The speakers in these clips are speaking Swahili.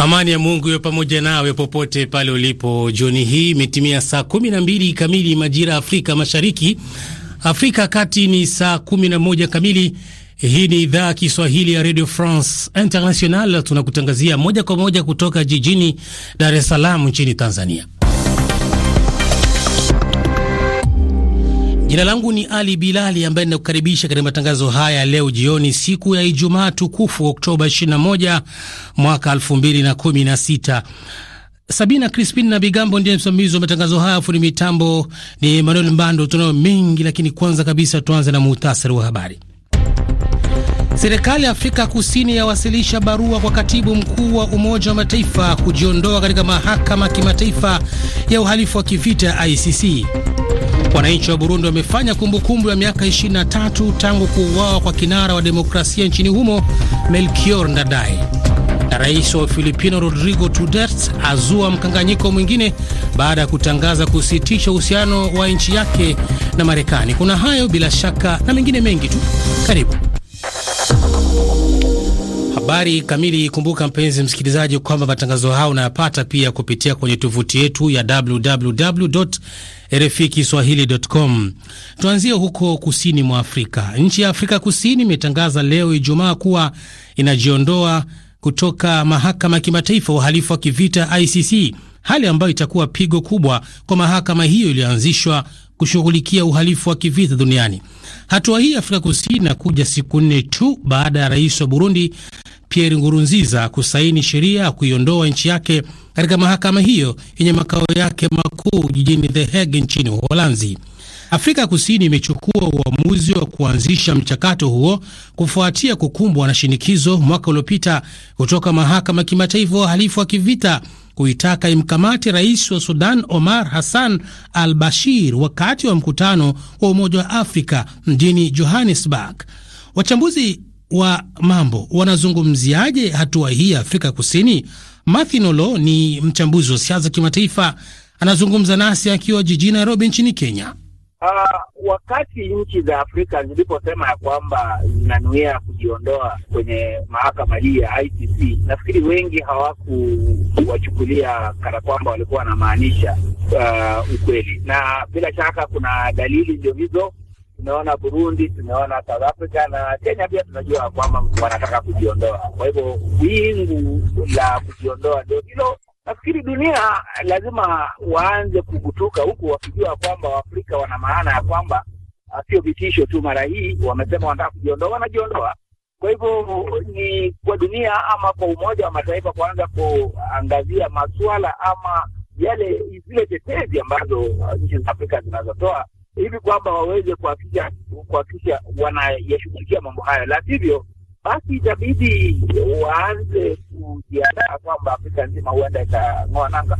Amani ya Mungu iwe pamoja nawe popote pale ulipo. Jioni hii imetimia saa 12 kamili majira ya Afrika Mashariki, Afrika ya Kati ni saa 11 kamili. Hii ni idhaa Kiswahili ya Radio France International, tunakutangazia moja kwa moja kutoka jijini Dar es Salaam nchini Tanzania. Jina langu ni Ali Bilali ambaye ninakukaribisha katika matangazo haya leo jioni, siku ya Ijumaa tukufu Oktoba 21 mwaka 2016. Sabina Crispin na Bigambo ndiye msimamizi wa matangazo haya, fundi mitambo ni Emmanuel Mbando. Tunayo mengi, lakini kwanza kabisa tuanze na muhtasari wa habari. Serikali ya Afrika Kusini yawasilisha barua kwa katibu mkuu wa Umoja wa Mataifa kujiondoa katika mahakama kimataifa ya uhalifu wa kivita ICC. Wananchi wa Burundi wamefanya kumbukumbu ya miaka 23 tangu kuuawa kwa kinara wa demokrasia nchini humo Melchior Ndadaye. Na rais wa Filipino Rodrigo Duterte azua mkanganyiko mwingine baada ya kutangaza kusitisha uhusiano wa nchi yake na Marekani. Kuna hayo bila shaka na mengine mengi tu, karibu habari kamili. Kumbuka mpenzi msikilizaji, kwamba matangazo hao unayapata pia kupitia kwenye tovuti yetu ya www RFI Kiswahili.com. Tuanzie huko kusini mwa Afrika. Nchi ya Afrika Kusini imetangaza leo Ijumaa kuwa inajiondoa kutoka mahakama ya kimataifa uhalifu wa kivita ICC, hali ambayo itakuwa pigo kubwa kwa mahakama hiyo iliyoanzishwa kushughulikia uhalifu wa kivita duniani. Hatua hii Afrika Kusini inakuja siku nne tu baada ya rais wa Burundi Pierre Ngurunziza kusaini sheria ya kuiondoa nchi yake katika mahakama hiyo yenye makao yake makuu jijini The Hague nchini Uholanzi. Afrika Kusini imechukua uamuzi wa kuanzisha mchakato huo kufuatia kukumbwa na shinikizo mwaka uliopita kutoka mahakama kimataifa wa uhalifu wa kivita kuitaka imkamate rais wa Sudan Omar Hassan al Bashir wakati wa mkutano wa Umoja wa Afrika mjini Johannesburg. Wachambuzi wa mambo wanazungumziaje hatua hii ya Afrika Kusini? Mathinolo ni mchambuzi wa siasa kimataifa, anazungumza nasi akiwa jijini Nairobi nchini Kenya. Uh, wakati nchi za Afrika ziliposema ya kwamba zinanuia kujiondoa kwenye mahakama hii ya ICC, nafikiri wengi hawakuwachukulia kana kwamba walikuwa wanamaanisha uh, ukweli, na bila shaka kuna dalili ndio hizo tumeona Burundi, tumeona South Africa na Kenya pia tunajua kwamba wanataka kujiondoa. Kwa hivyo wingu la kujiondoa ndio hilo Nafikiri dunia lazima waanze kugutuka huku wakijua kwamba Waafrika wana maana ya kwamba ah, sio vitisho tu. Mara hii wamesema wanataka kujiondoa, wanajiondoa. Kwa hivyo ni kwa dunia ama kwa Umoja wa Mataifa kuanza kuangazia masuala ama yale zile tetezi ambazo ah, nchi za Afrika zinazotoa hivi kwamba waweze kuhakikisha wanayashughulikia mambo hayo, la sivyo basi itabidi waanze kujiandaa kwamba Afrika nzima huenda ikang'oa nanga.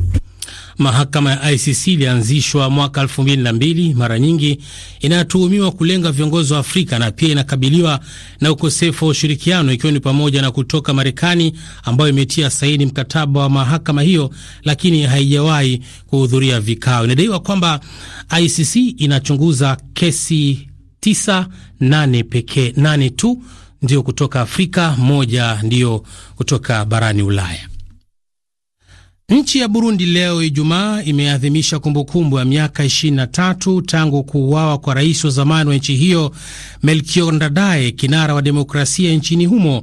Mahakama ya ICC ilianzishwa mwaka mbili. mara nyingi inatuhumiwa kulenga viongozi wa Afrika na pia inakabiliwa na ukosefu wa ushirikiano ikiwa ni pamoja na kutoka Marekani ambayo imetia saini mkataba wa mahakama hiyo lakini haijawahi kuhudhuria vikao. Inadaiwa kwamba ICC inachunguza kesi tisa nane pekee nane tu ndio kutoka Afrika, moja ndiyo kutoka barani Ulaya. Nchi ya Burundi leo Ijumaa imeadhimisha kumbukumbu ya miaka 23 tangu kuuawa kwa rais wa zamani wa nchi hiyo Melchior Ndadaye, kinara wa demokrasia nchini humo.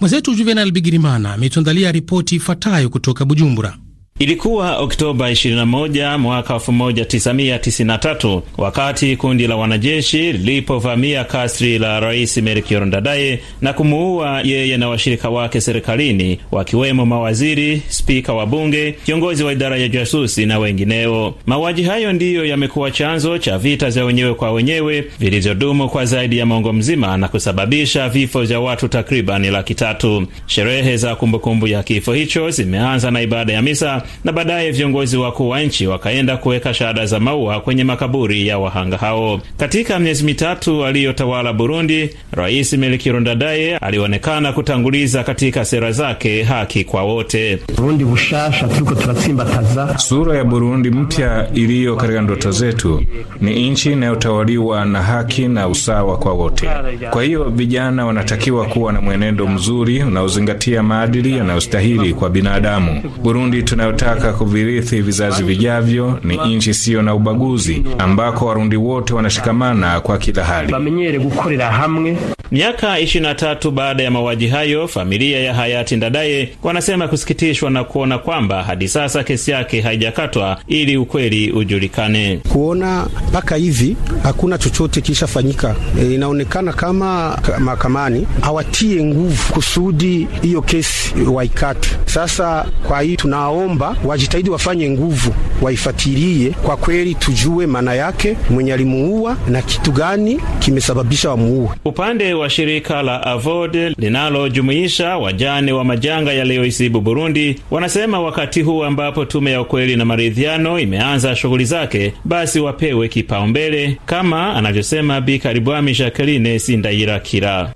Mwenzetu Juvenal Bigirimana ametuandalia ripoti ifuatayo kutoka Bujumbura. Ilikuwa Oktoba 21 mwaka 1993 wakati kundi la wanajeshi lilipovamia kasri la rais Melkior Ndadaye na kumuua yeye na washirika wake serikalini, wakiwemo mawaziri, spika wa bunge, kiongozi wa idara ya jasusi na wengineo. Mauaji hayo ndiyo yamekuwa chanzo cha vita vya wenyewe kwa wenyewe vilivyodumu kwa zaidi ya mwongo mzima na kusababisha vifo vya watu takribani laki tatu. Sherehe za kumbukumbu ya kifo hicho zimeanza na ibada ya misa na baadaye viongozi wakuu wa nchi wakaenda kuweka shahada za maua kwenye makaburi ya wahanga hao. Katika miezi mitatu aliyotawala Burundi, Rais melikirondadaye alionekana kutanguliza katika sera zake haki kwa wote. Sura ya Burundi mpya iliyo katika ndoto zetu ni nchi inayotawaliwa na haki na usawa kwa wote. Kwa hiyo vijana wanatakiwa kuwa na mwenendo mzuri unaozingatia maadili yanayostahili kwa binadamu. Burundi tunayo tunayotaka kuvirithi vizazi vijavyo ni nchi isiyo na ubaguzi, ambako Warundi wote wanashikamana kwa kila hali. Miaka 23 baada ya mauaji hayo, familia ya hayati Ndadaye wanasema kusikitishwa na kuona kwamba hadi sasa kesi yake haijakatwa ili ukweli ujulikane. Kuona mpaka hivi hakuna chochote kishafanyika, e, inaonekana kama mahakamani hawatie nguvu kusudi hiyo kesi waikate. Sasa kwa hii tunaomba kwamba wajitahidi wafanye nguvu waifatilie kwa kweli, tujue maana yake, mwenye alimuua na kitu gani kimesababisha wamuue. Upande wa shirika la AVODE linalojumuisha wajane wa majanga yaliyoisibu Burundi wanasema wakati huu ambapo tume ya ukweli na maridhiano imeanza shughuli zake, basi wapewe kipaumbele kama anavyosema Bi Karibwami Jacqueline Sindayirakira.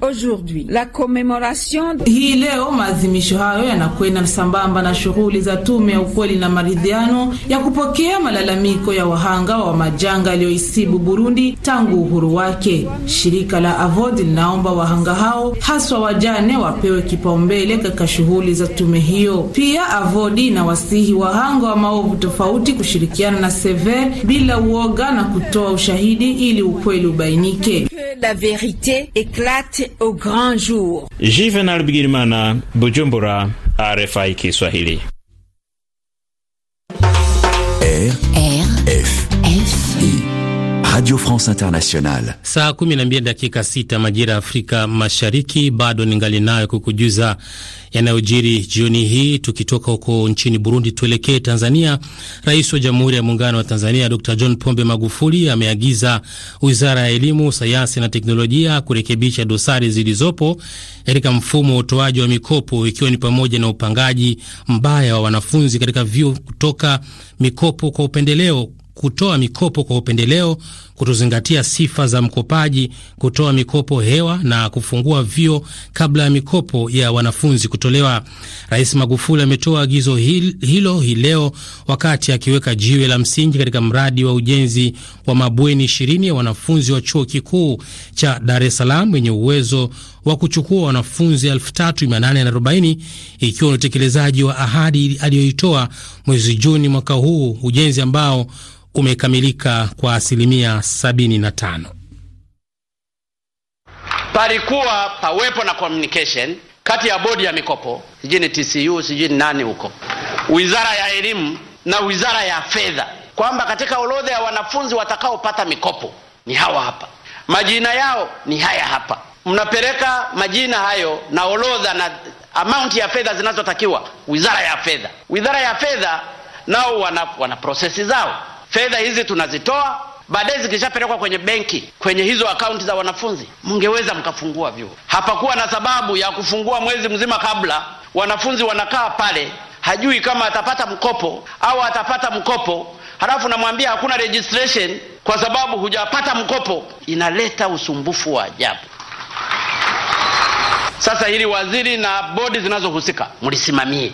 Hii leo maadhimisho hayo yanakwenda sambamba na shughuli za tume ya ukweli na maridhiano ya kupokea malalamiko ya wahanga wa majanga yaliyoisibu Burundi tangu uhuru wake. Shirika la AVOD linaomba wahanga hao haswa wajane wapewe kipaumbele katika shughuli za tume hiyo. Pia AVOD na wasihi wahanga wa maovu tofauti kushirikiana na Sever bila uoga na kutoa ushahidi ili ukweli ubainike. La verite eklate au grand jour. Juvenal Bigirimana, Bujumbura, RFI Kiswahili. Radio France Internationale. Saa 12 dakika sita majira ya Afrika Mashariki, bado ningali nayo kukujuza yanayojiri jioni hii. Tukitoka huko nchini Burundi, tuelekee Tanzania. Rais wa Jamhuri ya Muungano wa Tanzania Dr. John Pombe Magufuli ameagiza Wizara ya Elimu, Sayansi na Teknolojia kurekebisha dosari zilizopo katika mfumo wa utoaji wa mikopo, ikiwa ni pamoja na upangaji mbaya wa wanafunzi katika vyuo kutoka mikopo kwa upendeleo kutoa mikopo kwa upendeleo kutozingatia sifa za mkopaji, kutoa mikopo hewa na kufungua vyo kabla ya mikopo ya wanafunzi kutolewa. Rais Magufuli ametoa agizo hilo hii leo wakati akiweka jiwe la msingi katika mradi wa ujenzi wa mabweni ishirini ya wanafunzi wa chuo kikuu cha Dar es Salaam wenye uwezo wa kuchukua wanafunzi 3840 ikiwa ni utekelezaji wa ahadi aliyoitoa mwezi Juni mwaka huu, ujenzi ambao umekamilika kwa asilimia 75. Palikuwa pawepo na communication kati ya bodi ya mikopo sijui ni TCU sijui ni nani huko, wizara ya elimu na wizara ya fedha, kwamba katika orodha ya wanafunzi watakaopata mikopo ni hawa hapa, majina yao ni haya hapa. Mnapeleka majina hayo na orodha na amount ya fedha zinazotakiwa wizara ya fedha. Wizara ya fedha nao wana, wana prosesi zao. Fedha hizi tunazitoa baadaye zikishapelekwa kwenye benki, kwenye hizo akaunti za wanafunzi, mngeweza mkafungua vyuo. Hapakuwa na sababu ya kufungua mwezi mzima kabla. Wanafunzi wanakaa pale, hajui kama atapata mkopo au atapata mkopo, halafu namwambia hakuna registration kwa sababu hujapata mkopo. Inaleta usumbufu wa ajabu. Sasa hili waziri na bodi zinazohusika mlisimamie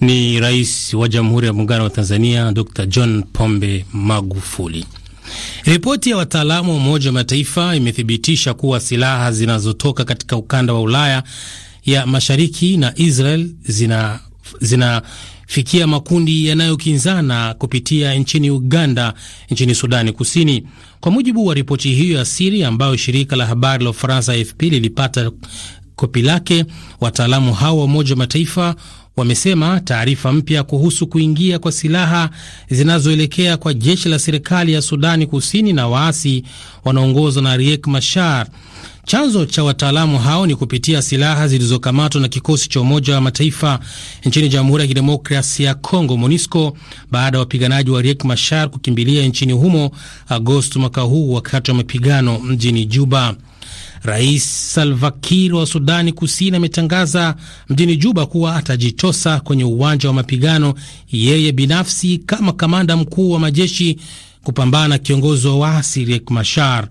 ni Rais wa Jamhuri ya Muungano wa Tanzania Dr. John Pombe Magufuli. Ripoti ya wataalamu wa Umoja wa Mataifa imethibitisha kuwa silaha zinazotoka katika ukanda wa Ulaya ya Mashariki na Israel zina zinafikia makundi yanayokinzana kupitia nchini Uganda, nchini Sudani Kusini. Kwa mujibu wa ripoti hiyo ya siri ambayo shirika la habari la Ufaransa AFP lilipata kopi lake, wataalamu hao wa Umoja wa Mataifa wamesema taarifa mpya kuhusu kuingia kwa silaha zinazoelekea kwa jeshi la serikali ya Sudani Kusini na waasi wanaongozwa na Riek Machar. Chanzo cha wataalamu hao ni kupitia silaha zilizokamatwa na kikosi cha Umoja wa Mataifa nchini Jamhuri ya Kidemokrasia ya Kongo, MONUSCO, baada ya wapiganaji wa Riek Machar kukimbilia nchini humo agosto mwaka huu wakati wa mapigano mjini Juba. Rais Salva Kiir wa Sudani Kusini ametangaza mjini Juba kuwa atajitosa kwenye uwanja wa mapigano yeye binafsi kama kamanda mkuu wa majeshi kupambana na kiongozi wa waasi Riek Machar.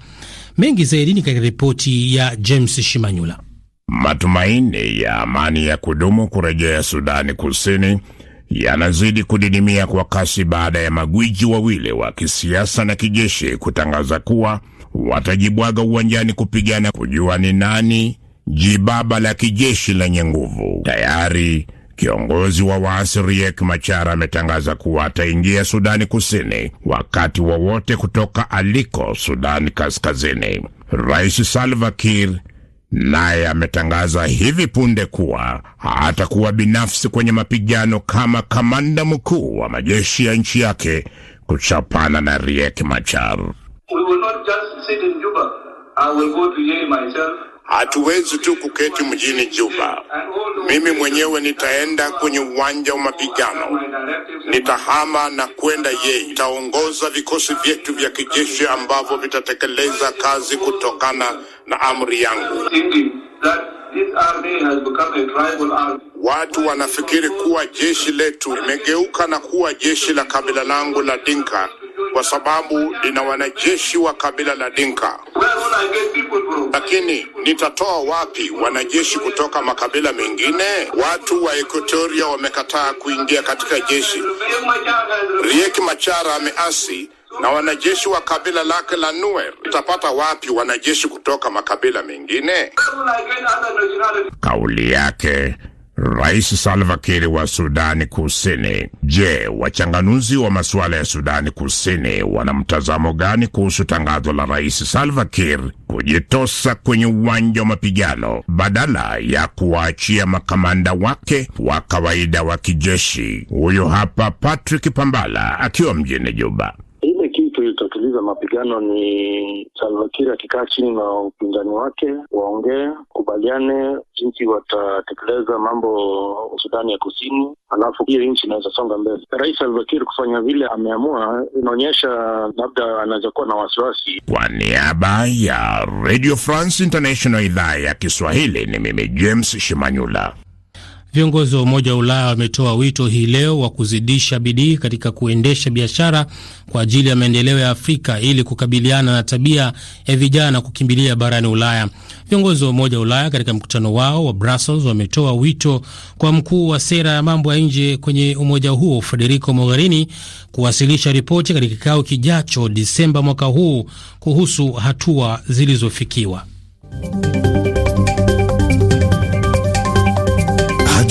Mengi zaidi ni katika ripoti ya James Shimanyula. Matumaini ya amani ya kudumu kurejea Sudani Kusini yanazidi kudidimia kwa kasi baada ya magwiji wawili wa kisiasa na kijeshi kutangaza kuwa watajibwaga uwanjani kupigana kujua ni nani jibaba la kijeshi lenye nguvu. Tayari kiongozi wa waasi Riek Machar ametangaza kuwa ataingia Sudani Kusini wakati wowote wa kutoka aliko Sudani Kaskazini. Rais Salva Kiir naye ametangaza hivi punde kuwa hatakuwa binafsi kwenye mapigano kama kamanda mkuu wa majeshi ya nchi yake kuchapana na Riek Machar. We will not just sit in Juba. I will go to myself. Hatuwezi tu kuketi mjini Juba. Mimi mwenyewe nitaenda kwenye uwanja wa mapigano, nitahama na kwenda Yei. Nitaongoza vikosi vyetu vya kijeshi ambavyo vitatekeleza kazi kutokana na amri yangu. Watu wanafikiri kuwa jeshi letu limegeuka na kuwa jeshi la kabila langu la Dinka kwa sababu lina wanajeshi wa kabila la Dinka. Lakini nitatoa wapi wanajeshi kutoka makabila mengine? Watu wa Ekuatoria wamekataa kuingia katika jeshi. Riek Machara ameasi na wanajeshi wa kabila lake la Nuer. utapata wapi wanajeshi kutoka makabila mengine? Kauli yake Rais Salva Kiir wa Sudani Kusini. Je, wachanganuzi wa masuala ya Sudani Kusini wana mtazamo gani kuhusu tangazo la Rais Salva Kiir kujitosa kwenye uwanja wa mapigano badala ya kuwaachia makamanda wake wa kawaida wa kijeshi? Huyu hapa Patrick Pambala akiwa mjini Juba itatuliza mapigano ni Salva Kiir akikaa chini na upinzani wake, waongee kubaliane jinsi watatekeleza mambo Sudani ya Kusini, alafu hiyo nchi inaweza songa mbele. Rais Salva Kiir kufanya vile ameamua, inaonyesha labda anaweza kuwa na wasiwasi. Kwa niaba ya Radio France International idhaa ya Kiswahili, ni mimi James Shimanyula. Viongozi wa Umoja wa Ulaya wametoa wito hii leo wa kuzidisha bidii katika kuendesha biashara kwa ajili ya maendeleo ya Afrika ili kukabiliana na tabia ya vijana kukimbilia barani Ulaya. Viongozi wa Umoja wa Ulaya katika mkutano wao wa Brussels wametoa wito kwa mkuu wa sera ya mambo ya nje kwenye umoja huo Federico Mogherini kuwasilisha ripoti katika kikao kijacho Disemba mwaka huu kuhusu hatua zilizofikiwa.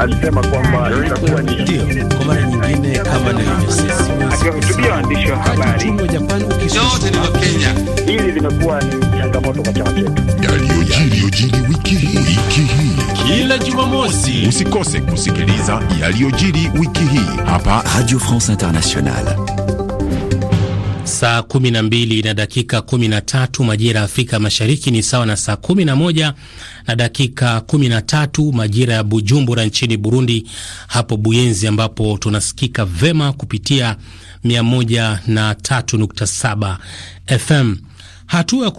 alisema kwamba itakuwa ni ndio kwa mara nyingine kama akiwahutubia waandishi wa habari. Yote ni wa Kenya. hili limekuwa ni changamoto kwa chama chetu. Yaliyojiri wiki hii kila Jumamosi, usikose kusikiliza yaliyojiri wiki hii hapa Radio France Internationale saa 12 na dakika 13 majira ya Afrika Mashariki ni sawa na saa 11 na dakika 13 majira ya Bujumbura nchini Burundi, hapo Buyenzi ambapo tunasikika vema kupitia 103.7 FM. Hatua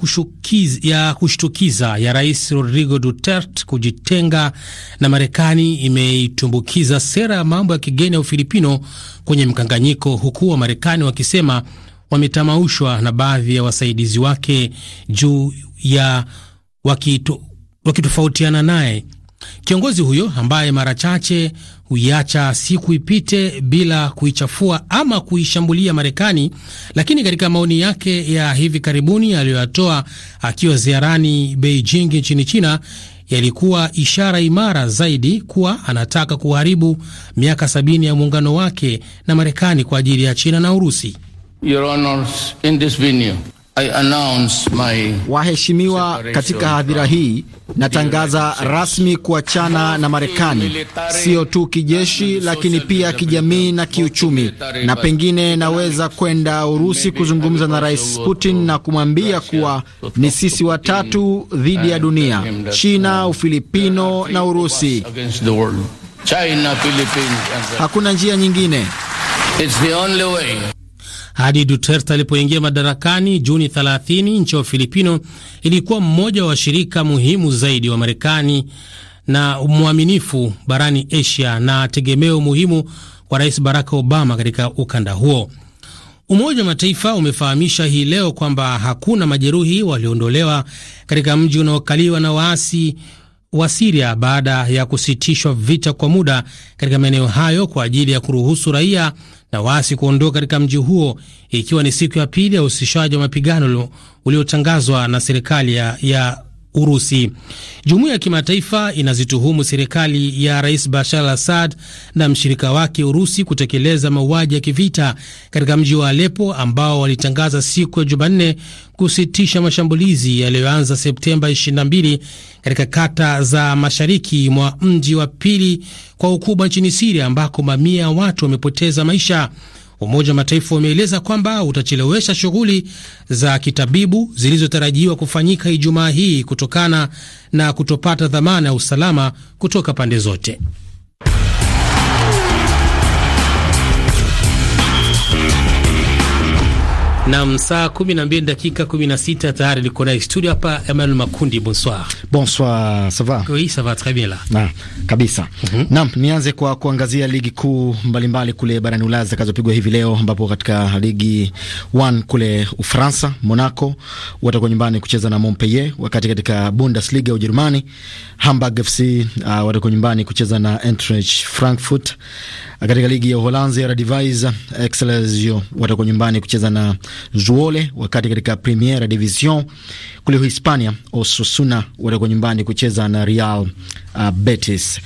ya kushtukiza ya Rais Rodrigo Duterte kujitenga na Marekani imeitumbukiza sera ya mambo ya kigeni ya Ufilipino kwenye mkanganyiko, huku wa marekani wakisema wametamaushwa na baadhi ya wasaidizi wake juu ya wakito, wakitofautiana naye. Kiongozi huyo ambaye mara chache huiacha siku ipite bila kuichafua ama kuishambulia Marekani, lakini katika maoni yake ya hivi karibuni aliyoyatoa akiwa ziarani Beijing nchini China yalikuwa ishara imara zaidi kuwa anataka kuharibu miaka sabini ya muungano wake na Marekani kwa ajili ya China na Urusi. Your Honors, in this venue, I announce my... Waheshimiwa, katika hadhira hii natangaza rasmi kuachana na Marekani, sio tu kijeshi, lakini pia kijamii na kiuchumi, na pengine naweza kwenda Urusi kuzungumza na Rais Putin na kumwambia kuwa ni sisi watatu dhidi ya dunia, China, Ufilipino na Urusi. China, Philippines. Hakuna njia nyingine. It's the only way. Hadi Duterte alipoingia madarakani Juni 30, nchi ya filipino ilikuwa mmoja wa washirika muhimu zaidi wa Marekani na mwaminifu barani Asia na tegemeo muhimu kwa Rais Barack Obama katika ukanda huo. Umoja wa Mataifa umefahamisha hii leo kwamba hakuna majeruhi walioondolewa katika mji unaokaliwa na waasi wa Siria baada ya kusitishwa vita kwa muda katika maeneo hayo kwa ajili ya kuruhusu raia na waasi kuondoka katika mji huo, ikiwa ni siku ya pili ya usitishaji wa mapigano uliotangazwa na serikali ya Urusi. Jumuiya ya kimataifa inazituhumu serikali ya Rais Bashar al Assad na mshirika wake Urusi kutekeleza mauaji ya kivita katika mji wa Alepo ambao walitangaza siku ya Jumanne kusitisha mashambulizi yaliyoanza Septemba 22 katika kata za mashariki mwa mji wa pili kwa ukubwa nchini Siria ambako mamia ya watu wamepoteza maisha Umoja wa Mataifa umeeleza kwamba utachelewesha shughuli za kitabibu zilizotarajiwa kufanyika Ijumaa hii kutokana na kutopata dhamana ya usalama kutoka pande zote. Nam, saa 12 dakika 16 tayari liko na studio hapa. Emmanuel Makundi, bonsoir. Bonsoir, ça va? Oui, ça va très bien la. Na, kabisa. Mm -hmm. Nam, nianze kwa kuangazia ligi kuu mbalimbali kule barani Ulaya zitakazopigwa hivi leo ambapo katika ligi 1 kule Ufaransa, Monaco watakuwa nyumbani kucheza na Montpellier, wakati katika Bundesliga ya Ujerumani Hamburg FC uh, watakuwa nyumbani kucheza na Eintracht Frankfurt. Katika ligi ya Uholanzi, Eredivisie Excelsior watakuwa nyumbani kucheza na Zwolle, wakati katika Primera Division kule Hispania Osasuna watakuwa nyumbani kucheza na Real uh, Betis.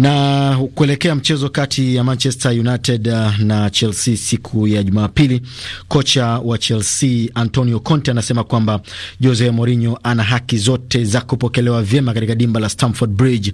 Na kuelekea mchezo kati ya Manchester United uh, na Chelsea siku ya Jumapili, kocha wa Chelsea Antonio Conte anasema kwamba Jose Mourinho ana haki zote za kupokelewa vyema katika dimba la Stamford Bridge,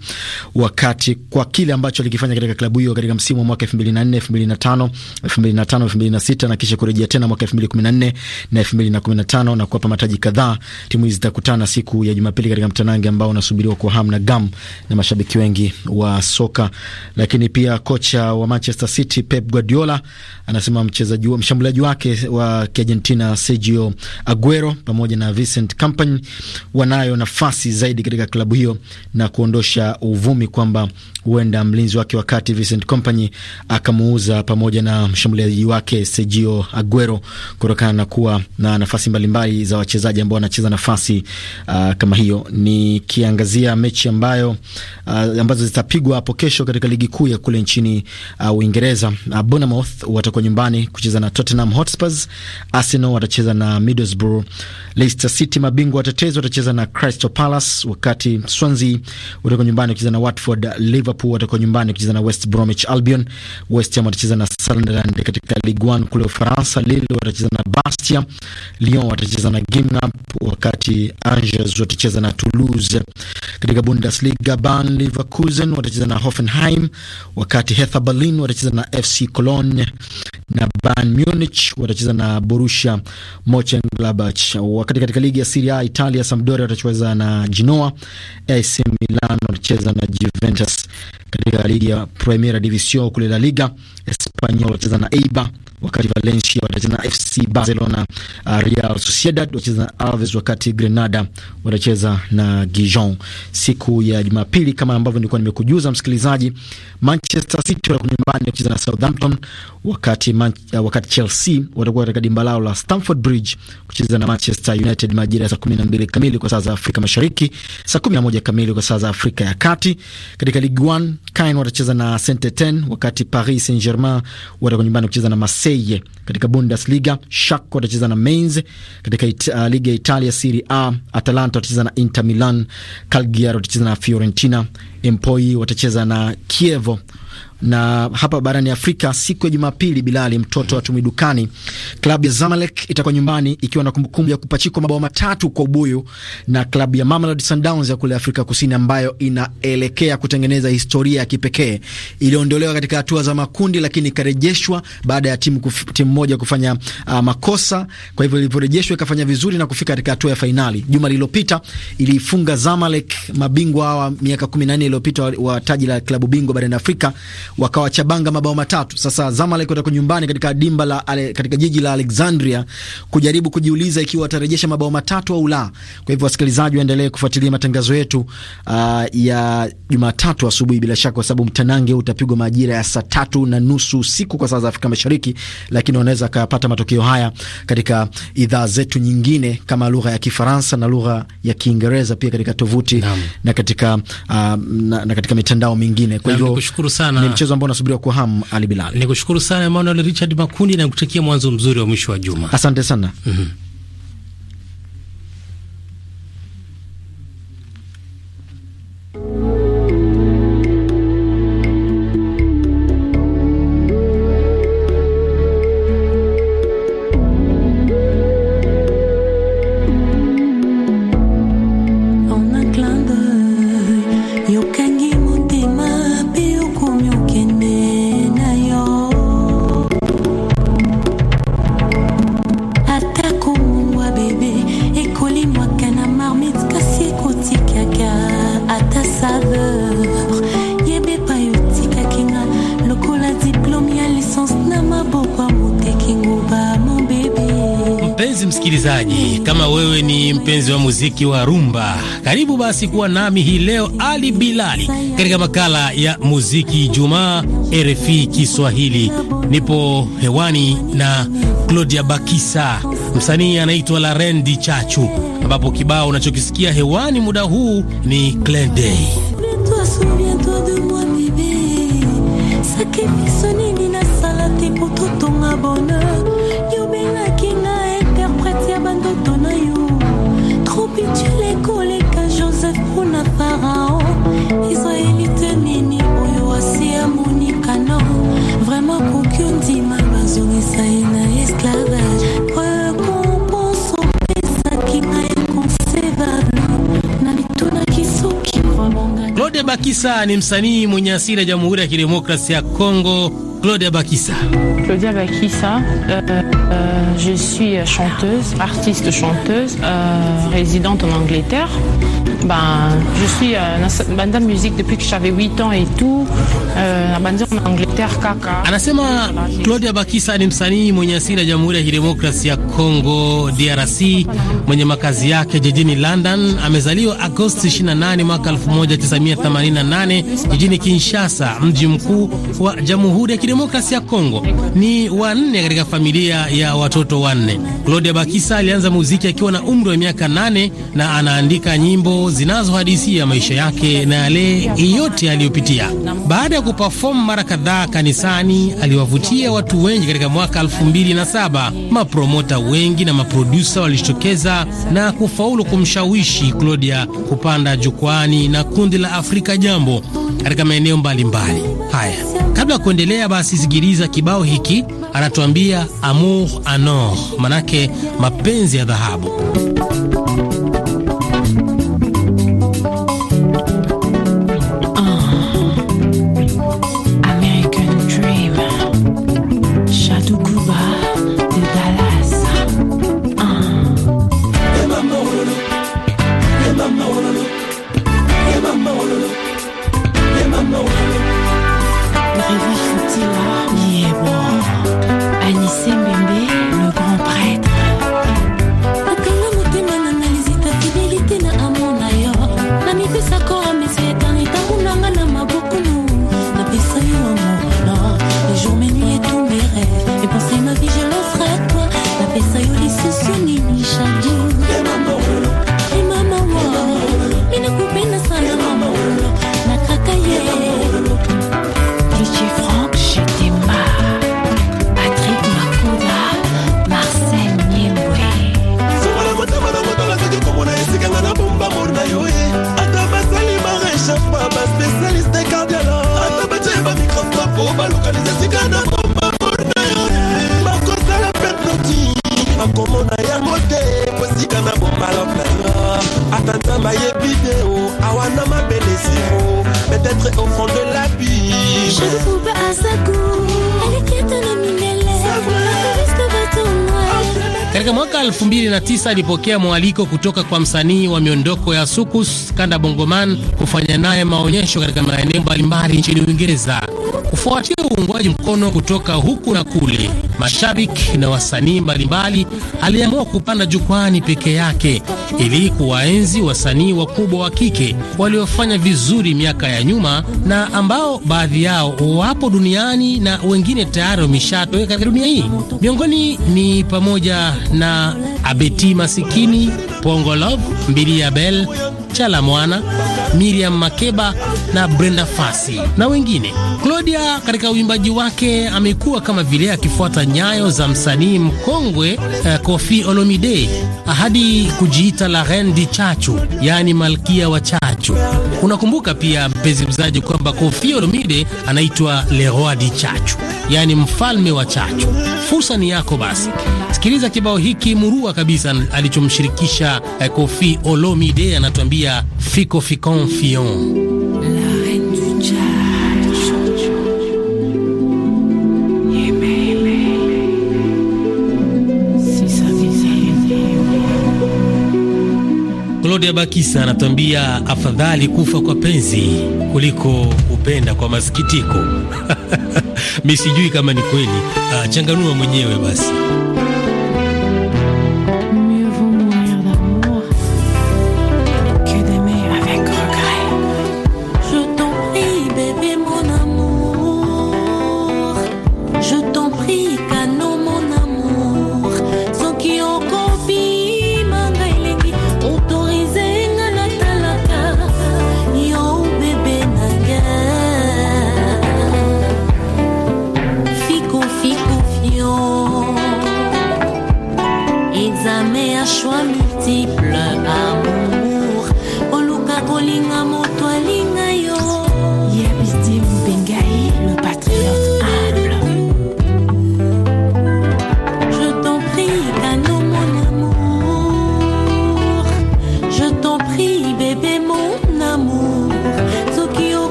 wakati kwa kile ambacho alikifanya katika klabu hiyo katika msimu wa mwaka 2004 2005 2006 na kisha kurejea tena mwaka 2014 na 2015 na kuwapa mataji kadhaa. Timu hizi zitakutana siku ya Jumapili katika mtanange ambao unasubiriwa kwa hamu na gamu na mashabiki wengi wa soka. Lakini pia kocha wa Manchester City Pep Guardiola anasema mchezaji mshambuliaji wake wa Kiargentina Sergio Aguero pamoja na Vincent Kompany wanayo nafasi zaidi katika klabu hiyo na kuondosha uvumi kwamba huenda mlinzi wake wakati Vincent Company akamuuza pamoja na mshambuliaji wake Sergio Aguero kutokana na kuwa na nafasi mbalimbali za wachezaji ambao wanacheza nafasi uh, kama hiyo. Nikiangazia mechi ambayo uh, ambazo zitapigwa hapo kesho katika ligi kuu ya kule nchini uh, Uingereza. Uh, Bournemouth watakuwa nyumbani kucheza na Tottenham Hotspurs, Arsenal watacheza na Middlesbrough. Leicester City mabingwa watetezi watacheza na Crystal Palace, wakati Swansea watakuwa nyumbani kucheza na Watford. Liverpool Liverpool watakuwa nyumbani kucheza na West Bromwich Albion. West Ham watacheza na Sunderland. Katika Ligue 1 kule Ufaransa, Lille watacheza na Bastia, Lyon watacheza na Gimnap, wakati Angers watacheza na Toulouse. Katika Bundesliga, Bayer Leverkusen watacheza na Hoffenheim, wakati Hertha Berlin watacheza na FC Cologne na Bayern Munich watacheza na Borussia Monchengladbach. Wakati katika ligi ya Serie A Italia, Sampdoria watacheza na Genoa, AC Milan watacheza na Juventus. Katika ligi ya Primera Division kule La Liga Espanyol wacheza na Eibar, wakati Valencia watacheza na FC Barcelona. Uh, Real Sociedad watacheza na Alves, wakati Grenada watacheza na Gijon siku ya Jumapili. Kama ambavyo nilikuwa nimekujuza msikilizaji, Manchester City watakuwa nyumbani kucheza na Southampton, wakati, man, uh, wakati Chelsea watakuwa katika dimba lao la Stamford Bridge kucheza na Manchester United majira ya saa 12 kamili kwa saa za Afrika Mashariki, saa 11 kamili kwa saa za Afrika ya Kati. Katika Ligue 1 Caen watacheza na Saint Etienne, wakati Paris Saint-Germain watakuwa nyumbani kucheza na Marseille. Katika Bundesliga Schalke watacheza na Mainz. Katika it, uh, ligi ya Italia Serie A Atalanta watacheza na Inter Milan, Cagliari watacheza na Fiorentina, Empoli watacheza na Chievo na hapa barani Afrika, siku ya Jumapili, Bilali mtoto wa tumi dukani, klabu ya Zamalek itakuwa nyumbani ikiwa na kumbukumbu ya kupachikwa mabao matatu kwa ubuyu na klabu ya Mamelodi Sundowns ya kule Afrika Kusini, ambayo inaelekea kutengeneza historia ya kipekee. Iliondolewa katika hatua za makundi, lakini ikarejeshwa baada ya timu kuf, timu moja kufanya uh, makosa. Kwa hivyo iliporejeshwa ikafanya vizuri na kufika katika hatua ya fainali. Juma lililopita iliifunga Zamalek, mabingwa hawa miaka 14 iliyopita wa taji la klabu bingwa barani Afrika wakawachabanga mabao matatu. Sasa Zamalek watako nyumbani katika dimba la ale, katika jiji la Alexandria kujaribu kujiuliza ikiwa watarejesha mabao matatu au la. Kwa hivyo, wasikilizaji, waendelee kufuatilia matangazo yetu uh, ya Jumatatu asubuhi bila shaka, kwa sababu mtanange utapigwa majira ya saa tatu na nusu usiku kwa saa za Afrika Mashariki, lakini wanaweza akayapata matokeo haya katika idhaa zetu nyingine kama lugha ya Kifaransa na lugha ya Kiingereza pia katika tovuti na katika, uh, na, na katika mitandao mingine. Kwa hivyo nikushukuru sana mchezo ambao unasubiriwa kwa hamu, Ali Bilal. kushukuru sana Emmanuel Richard Makundi na nikutakia mwanzo mzuri wa mwisho wa juma. Asante sana. mm -hmm. mpenzi wa muziki wa rumba, karibu basi kuwa nami hii leo Ali Bilali katika makala ya muziki Jumaa RFI Kiswahili. Nipo hewani na Claudia Bakisa, msanii anaitwa Larendi Chachu, ambapo kibao unachokisikia hewani muda huu ni Clenday Bakisa ni msanii mwenye asili ya Jamhuri ya Kidemokrasia ya Kongo. Claudia Bakisa. Claudia Bakisa, euh, euh, je suis chanteuse, artiste chanteuse, euh, résidente en Angleterre. ben, je suis euh, de musique depuis que j'avais 8 ans et tout euh, en Angleterre kaka. Anasema Claudia Bakisa ni msanii mwenye asili ya Jamhuri ya Kidemokrasia ya Kongo DRC mwenye makazi yake jijini London. Amezaliwa Agosti 28 mwaka 1988 jijini Kinshasa, mji mkuu wa Jamhuri ya Kidemokrasia ya Kongo. Ni wanne katika familia ya watoto wanne. Claudia Bakisa alianza muziki akiwa na umri wa miaka 8 na anaandika nyimbo filamu zinazohadisia maisha yake na yale yote aliyopitia. Baada ya kupafomu mara kadhaa kanisani, aliwavutia watu wengi katika mwaka 2007. Mapromota wengi na maprodusa walishtokeza na kufaulu kumshawishi Claudia kupanda jukwani na kundi la Afrika Jambo katika maeneo mbalimbali. Haya, kabla ya kuendelea, basi sikiliza kibao hiki, anatuambia amour anor, manake mapenzi ya dhahabu. Katika mwaka 2009 alipokea mwaliko kutoka kwa msanii wa miondoko ya Sukus Kanda Bongoman kufanya naye maonyesho katika maeneo mbalimbali nchini Uingereza kufuatia uungwaji mkono kutoka huku na kule mashabiki na wasanii mbalimbali, aliamua kupanda jukwani peke yake ili kuwaenzi wasanii wakubwa wa kike waliofanya vizuri miaka ya nyuma na ambao baadhi yao wapo duniani na wengine tayari wameshatoweka katika dunia hii. Miongoni ni pamoja na Abeti Masikini, Pongolov, Mbili Chala Mwana, Miriam Makeba na Brenda Fasi na wengine. Claudia katika uimbaji wake amekuwa kama vile akifuata nyayo za msanii mkongwe uh, Kofi Olomide hadi kujiita la Reine di Chachu, yaani malkia wa chachu. Unakumbuka pia mpenzi mzaji kwamba Kofi Olomide anaitwa le roi di chachu, yaani mfalme wa chachu. Fursa ni yako basi. Sikiliza kibao hiki murua kabisa alichomshirikisha uh, Kofi Olomide anatuambia ya Fiko ficon Fion. Claudia Bakisa anatuambia afadhali kufa kwa penzi kuliko kupenda kwa masikitiko. Mi sijui kama ni kweli. Ah, changanua mwenyewe basi.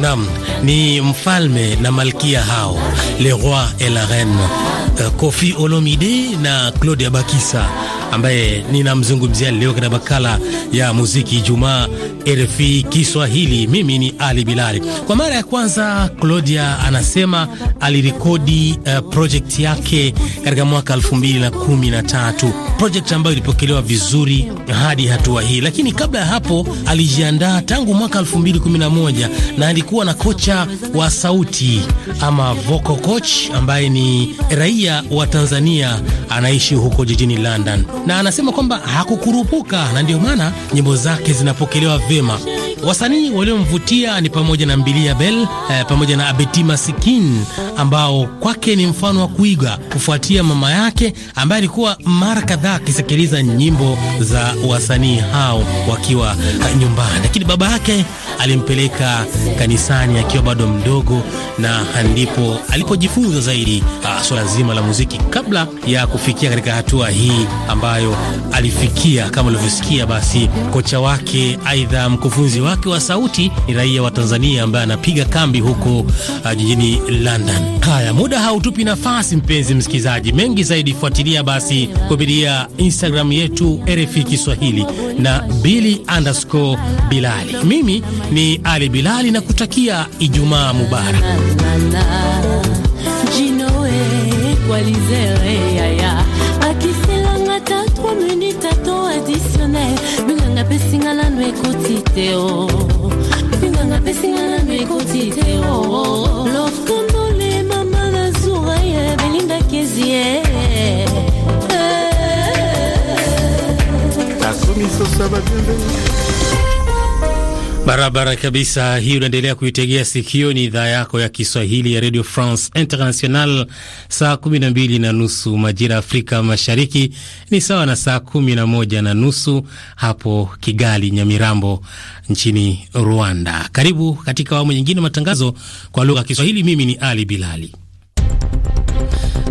Naam, ni mfalme na malkia hao le roi et la reine uh, Kofi Olomide na Claudia Bakisa ambaye ninamzungumzia leo katika bakala ya muziki Ijumaa RFI Kiswahili. Mimi ni Ali Bilali. Kwa mara ya kwanza, Claudia anasema alirekodi uh, project yake katika mwaka 2013, project ambayo ilipokelewa vizuri hadi hatua hii, lakini kabla ya hapo alijiandaa tangu mwaka 2011 na alikuwa na kocha wa sauti ama vocal coach ambaye ni raia wa Tanzania anaishi huko jijini London, na anasema kwamba hakukurupuka na ndio maana nyimbo zake zinapokelewa vizuri wema. Wasanii waliomvutia ni pamoja na Mbilia Bel eh, pamoja na Abeti Masikin ambao kwake ni mfano wa kuiga kufuatia mama yake ambaye alikuwa mara kadhaa akisikiliza nyimbo za wasanii hao wakiwa eh, nyumbani, lakini baba yake alimpeleka kanisani akiwa bado mdogo, na ndipo alipojifunza zaidi ah, swala zima la muziki kabla ya kufikia katika hatua hii ambayo alifikia. Kama ulivyosikia, basi kocha wake aidha mkufunzi wake wa sauti ni raia wa Tanzania ambaye anapiga kambi huko uh, jijini London. Haya, muda hautupi nafasi, mpenzi msikilizaji, mengi zaidi fuatilia basi kupitia Instagram yetu RFI Kiswahili na Bili underscore Bilali. Mimi ni Ali Bilali na kutakia Ijumaa mubarak. ebinganga pesinga nano ekoti te o oh. ebinganga pesinga nano ekoti te o oh. lokondole mama na zuraya belingaki ezie kaso eh. misusu ababembe Barabara kabisa, hii unaendelea kuitegea sikio, ni idhaa yako ya Kiswahili ya Radio France International. Saa 12 na nusu majira ya Afrika Mashariki ni sawa na saa 11 na nusu hapo Kigali, Nyamirambo nchini Rwanda. Karibu katika awamu nyingine matangazo kwa lugha ya Kiswahili. Mimi ni Ali Bilali.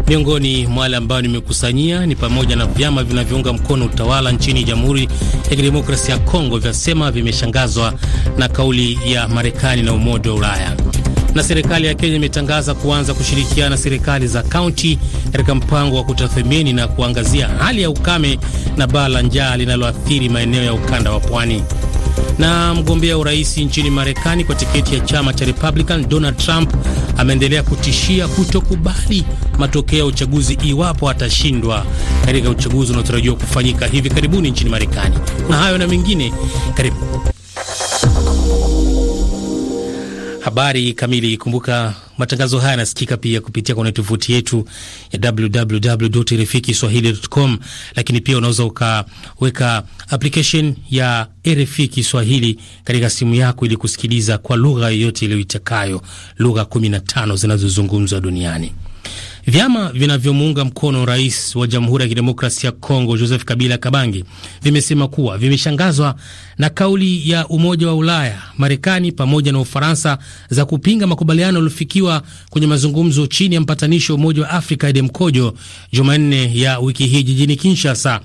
Miongoni mwa wale ambayo nimekusanyia ni pamoja na vyama vinavyounga mkono utawala nchini Jamhuri ya Kidemokrasia ya Kongo vyasema vimeshangazwa na kauli ya Marekani na Umoja wa Ulaya. Na serikali ya Kenya imetangaza kuanza kushirikiana na serikali za kaunti katika mpango wa kutathmini na kuangazia hali ya ukame na baa la njaa linaloathiri maeneo ya ukanda wa pwani. Na mgombea urais nchini Marekani kwa tiketi ya chama cha Republican Donald Trump ameendelea kutishia kutokubali matokeo ya uchaguzi iwapo atashindwa katika uchaguzi unaotarajiwa kufanyika hivi karibuni nchini Marekani. Na hayo na mengine, karibu habari kamili. Kumbuka Matangazo haya yanasikika pia kupitia kwenye tovuti yetu ya www.rfikiswahili.com, lakini pia unaweza ukaweka application ya RFI Kiswahili katika simu yako ili kusikiliza kwa lugha yoyote iliyoitakayo, lugha 15 zinazozungumzwa duniani. Vyama vinavyomuunga mkono rais wa Jamhuri ya Kidemokrasia ya Kongo Joseph Kabila Kabange vimesema kuwa vimeshangazwa na kauli ya Umoja wa Ulaya, Marekani pamoja na Ufaransa za kupinga makubaliano yaliyofikiwa kwenye mazungumzo chini ya mpatanishi wa Umoja wa Afrika edemkojo Jumanne ya wiki hii jijini Kinshasa.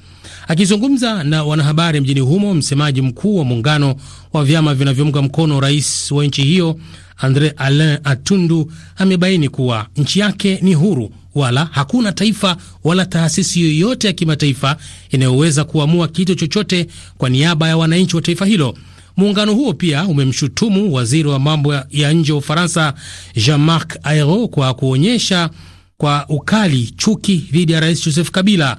Akizungumza na wanahabari mjini humo, msemaji mkuu wa muungano wa vyama vinavyomuunga mkono rais wa nchi hiyo Andre Alain Atundu amebaini kuwa nchi yake ni huru wala hakuna taifa wala taasisi yoyote ya kimataifa inayoweza kuamua kitu chochote kwa niaba ya wananchi wa taifa hilo. Muungano huo pia umemshutumu waziri wa mambo ya nje wa Ufaransa Jean-Marc Ayrault kwa kuonyesha kwa ukali chuki dhidi ya Rais Joseph Kabila.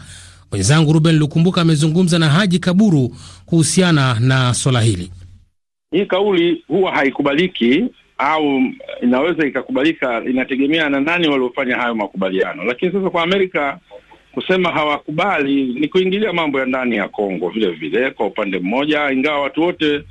Mwenzangu Ruben Lukumbuka amezungumza na Haji Kaburu kuhusiana na swala hili. Hii kauli huwa haikubaliki au inaweza ikakubalika, inategemea na nani waliofanya hayo makubaliano. Lakini sasa kwa Amerika kusema hawakubali ni kuingilia mambo ya ndani ya Kongo vile vile kwa upande mmoja, ingawa watu wote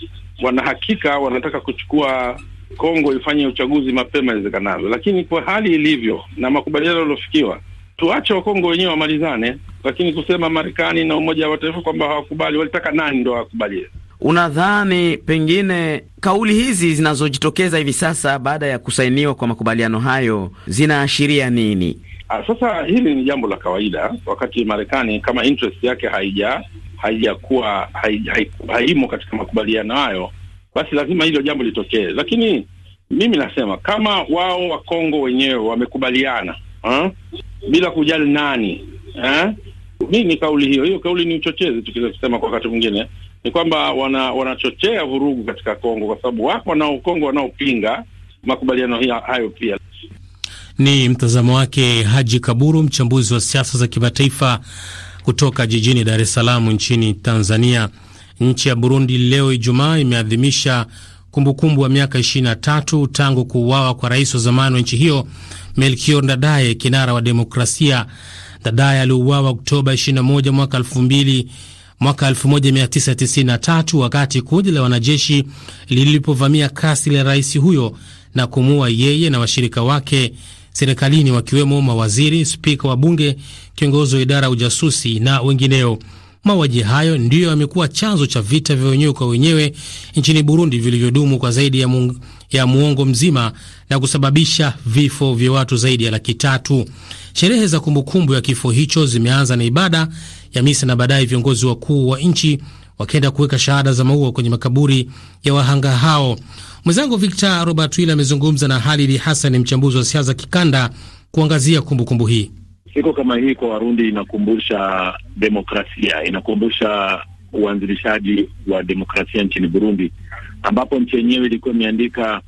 wanahakika wanataka kuchukua Kongo ifanye uchaguzi mapema iwezekanavyo, lakini kwa hali ilivyo na makubaliano yaliyofikiwa, tuache Wakongo wenyewe wamalizane. Lakini kusema Marekani na Umoja wa Mataifa kwamba hawakubali, walitaka nani ndo awakubalie? unadhani pengine kauli hizi zinazojitokeza hivi sasa baada ya kusainiwa kwa makubaliano hayo zinaashiria nini? Ah, sasa hili ni jambo la kawaida, wakati Marekani kama interest yake haija haijakuwa haimo hai, katika makubaliano hayo, basi lazima hilo jambo litokee. Lakini mimi nasema kama wao Wakongo wenyewe wamekubaliana ha? Eh, bila kujali nani ha? Eh, mi ni kauli hiyo hiyo, kauli ni uchochezi, tukiweza kusema kwa wakati mwingine ni kwamba wana, wanachochea vurugu katika Kongo kwa sababu wako kongo wanaopinga makubaliano hayo pia. Ni mtazamo wake Haji Kaburu, mchambuzi wa siasa za kimataifa kutoka jijini Dar es Salaam nchini Tanzania. Nchi ya Burundi leo Ijumaa imeadhimisha kumbukumbu wa miaka 23 tangu kuuawa kwa rais wa zamani wa nchi hiyo Melchior Ndadaye, kinara wa demokrasia. Ndadaye aliuawa Oktoba 21 mwaka 2000 mwaka 1993 wakati kundi la wanajeshi lilipovamia kasi la rais huyo na kumuua yeye na washirika wake serikalini wakiwemo mawaziri, spika wa bunge, kiongozi wa idara ya ujasusi na wengineo. Mauaji hayo ndiyo yamekuwa chanzo cha vita vya wenyewe kwa wenyewe nchini Burundi vilivyodumu kwa zaidi ya ya muongo mzima na kusababisha vifo vya watu zaidi ya laki tatu. Sherehe za kumbukumbu ya kifo hicho zimeanza na ibada ya misa na baadaye viongozi wakuu wa nchi wakienda kuweka shahada za maua kwenye makaburi ya wahanga hao. Mwenzangu Victor Robert Wille amezungumza na Halili Hassan, mchambuzi wa siasa kikanda, kuangazia kumbukumbu hii. Siku kama hii kwa Warundi inakumbusha demokrasia, inakumbusha uanzilishaji wa demokrasia nchini Burundi ambapo nchi yenyewe ilikuwa imeandika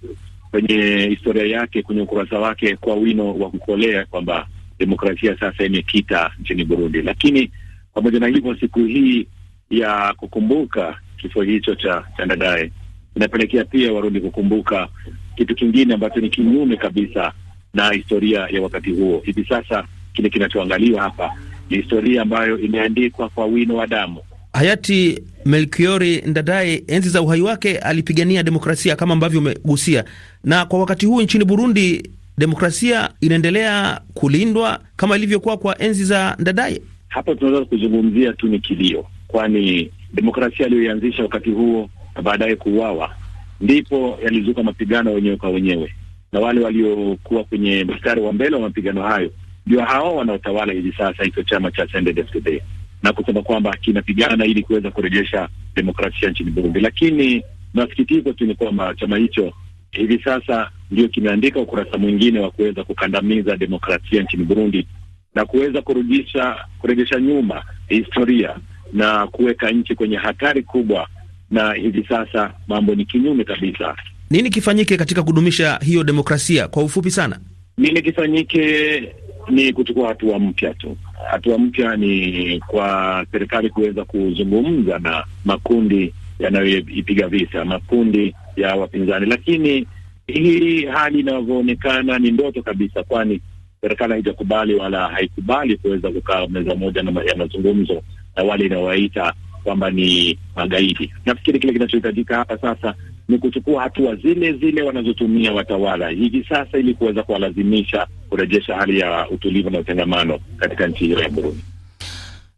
kwenye historia yake kwenye ukurasa wake kwa wino wa kukolea kwamba demokrasia sasa imekita nchini Burundi. Lakini pamoja na hivyo, siku hii ya kukumbuka kifo hicho cha chandadae inapelekea pia Warundi kukumbuka kitu kingine ambacho ni kinyume kabisa na historia ya wakati huo. Hivi sasa kile kinachoangaliwa hapa ni historia ambayo imeandikwa kwa wino wa damu. Hayati Melkiori Ndadaye enzi za uhai wake alipigania demokrasia kama ambavyo umegusia, na kwa wakati huu nchini Burundi demokrasia inaendelea kulindwa kama ilivyokuwa kwa enzi za Ndadaye. Hapa tunaweza kuzungumzia tu ni kilio, kwani demokrasia aliyoianzisha wakati huo na baadaye kuuawa, ndipo yalizuka mapigano wenyewe kwa wenyewe, na wale waliokuwa kwenye mstari wa mbele wa mapigano hayo ndio hao wanaotawala hivi sasa, hicho chama cha CNDD-FDD na kusema kwamba kinapigana ili kuweza kurejesha demokrasia nchini Burundi. Lakini masikitiko tu ni kwamba chama hicho hivi sasa ndio kimeandika ukurasa mwingine wa kuweza kukandamiza demokrasia nchini Burundi na kuweza kurudisha kurejesha nyuma historia na kuweka nchi kwenye hatari kubwa, na hivi sasa mambo ni kinyume kabisa. Nini kifanyike katika kudumisha hiyo demokrasia? Kwa ufupi sana, nini kifanyike? ni kuchukua hatua mpya tu. Hatua mpya ni kwa serikali kuweza kuzungumza na makundi yanayoipiga vita, makundi ya wapinzani, lakini hii hali inavyoonekana ni ndoto kabisa, kwani serikali haijakubali wala haikubali kuweza kukaa meza moja na ma ya mazungumzo na wale inawaita kwamba ni magaidi. Nafikiri kile kinachohitajika hapa sasa ni kuchukua hatua zile zile wanazotumia watawala hivi sasa ili kuweza kuwalazimisha kurejesha hali ya utulivu na utengamano katika nchi hiyo ya Burundi.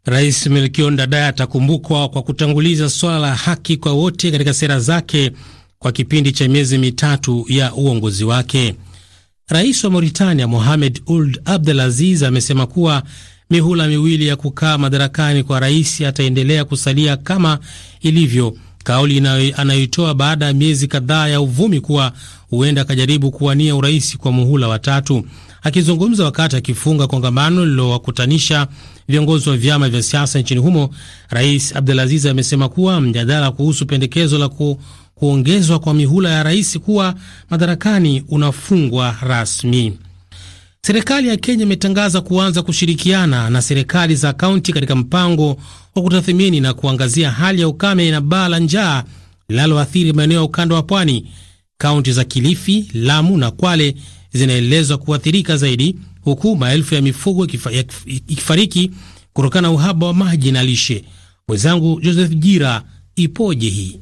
Rais Melchior Ndadaye atakumbukwa kwa kutanguliza swala la haki kwa wote katika sera zake kwa kipindi cha miezi mitatu ya uongozi wake. Rais wa Mauritania Mohamed Ould Abdelaziz amesema kuwa mihula miwili ya kukaa madarakani kwa rais ataendelea kusalia kama ilivyo kauli anayoitoa baada ya miezi kadhaa ya uvumi kuwa huenda akajaribu kuwania urais kwa muhula wa tatu. Akizungumza wakati akifunga kongamano lililowakutanisha viongozi wa vyama vya siasa nchini humo, Rais Abdulaziz amesema kuwa mjadala kuhusu pendekezo la ku, kuongezwa kwa mihula ya rais kuwa madarakani unafungwa rasmi. Serikali ya Kenya imetangaza kuanza kushirikiana na serikali za kaunti katika mpango wa kutathmini na kuangazia hali ya ukame na baa la njaa linaloathiri maeneo ya ukanda wa pwani. Kaunti za Kilifi, Lamu na Kwale zinaelezwa kuathirika zaidi, huku maelfu ya mifugo ikifariki kutokana na uhaba wa maji na lishe. Mwenzangu Joseph Jira, ipoje hii?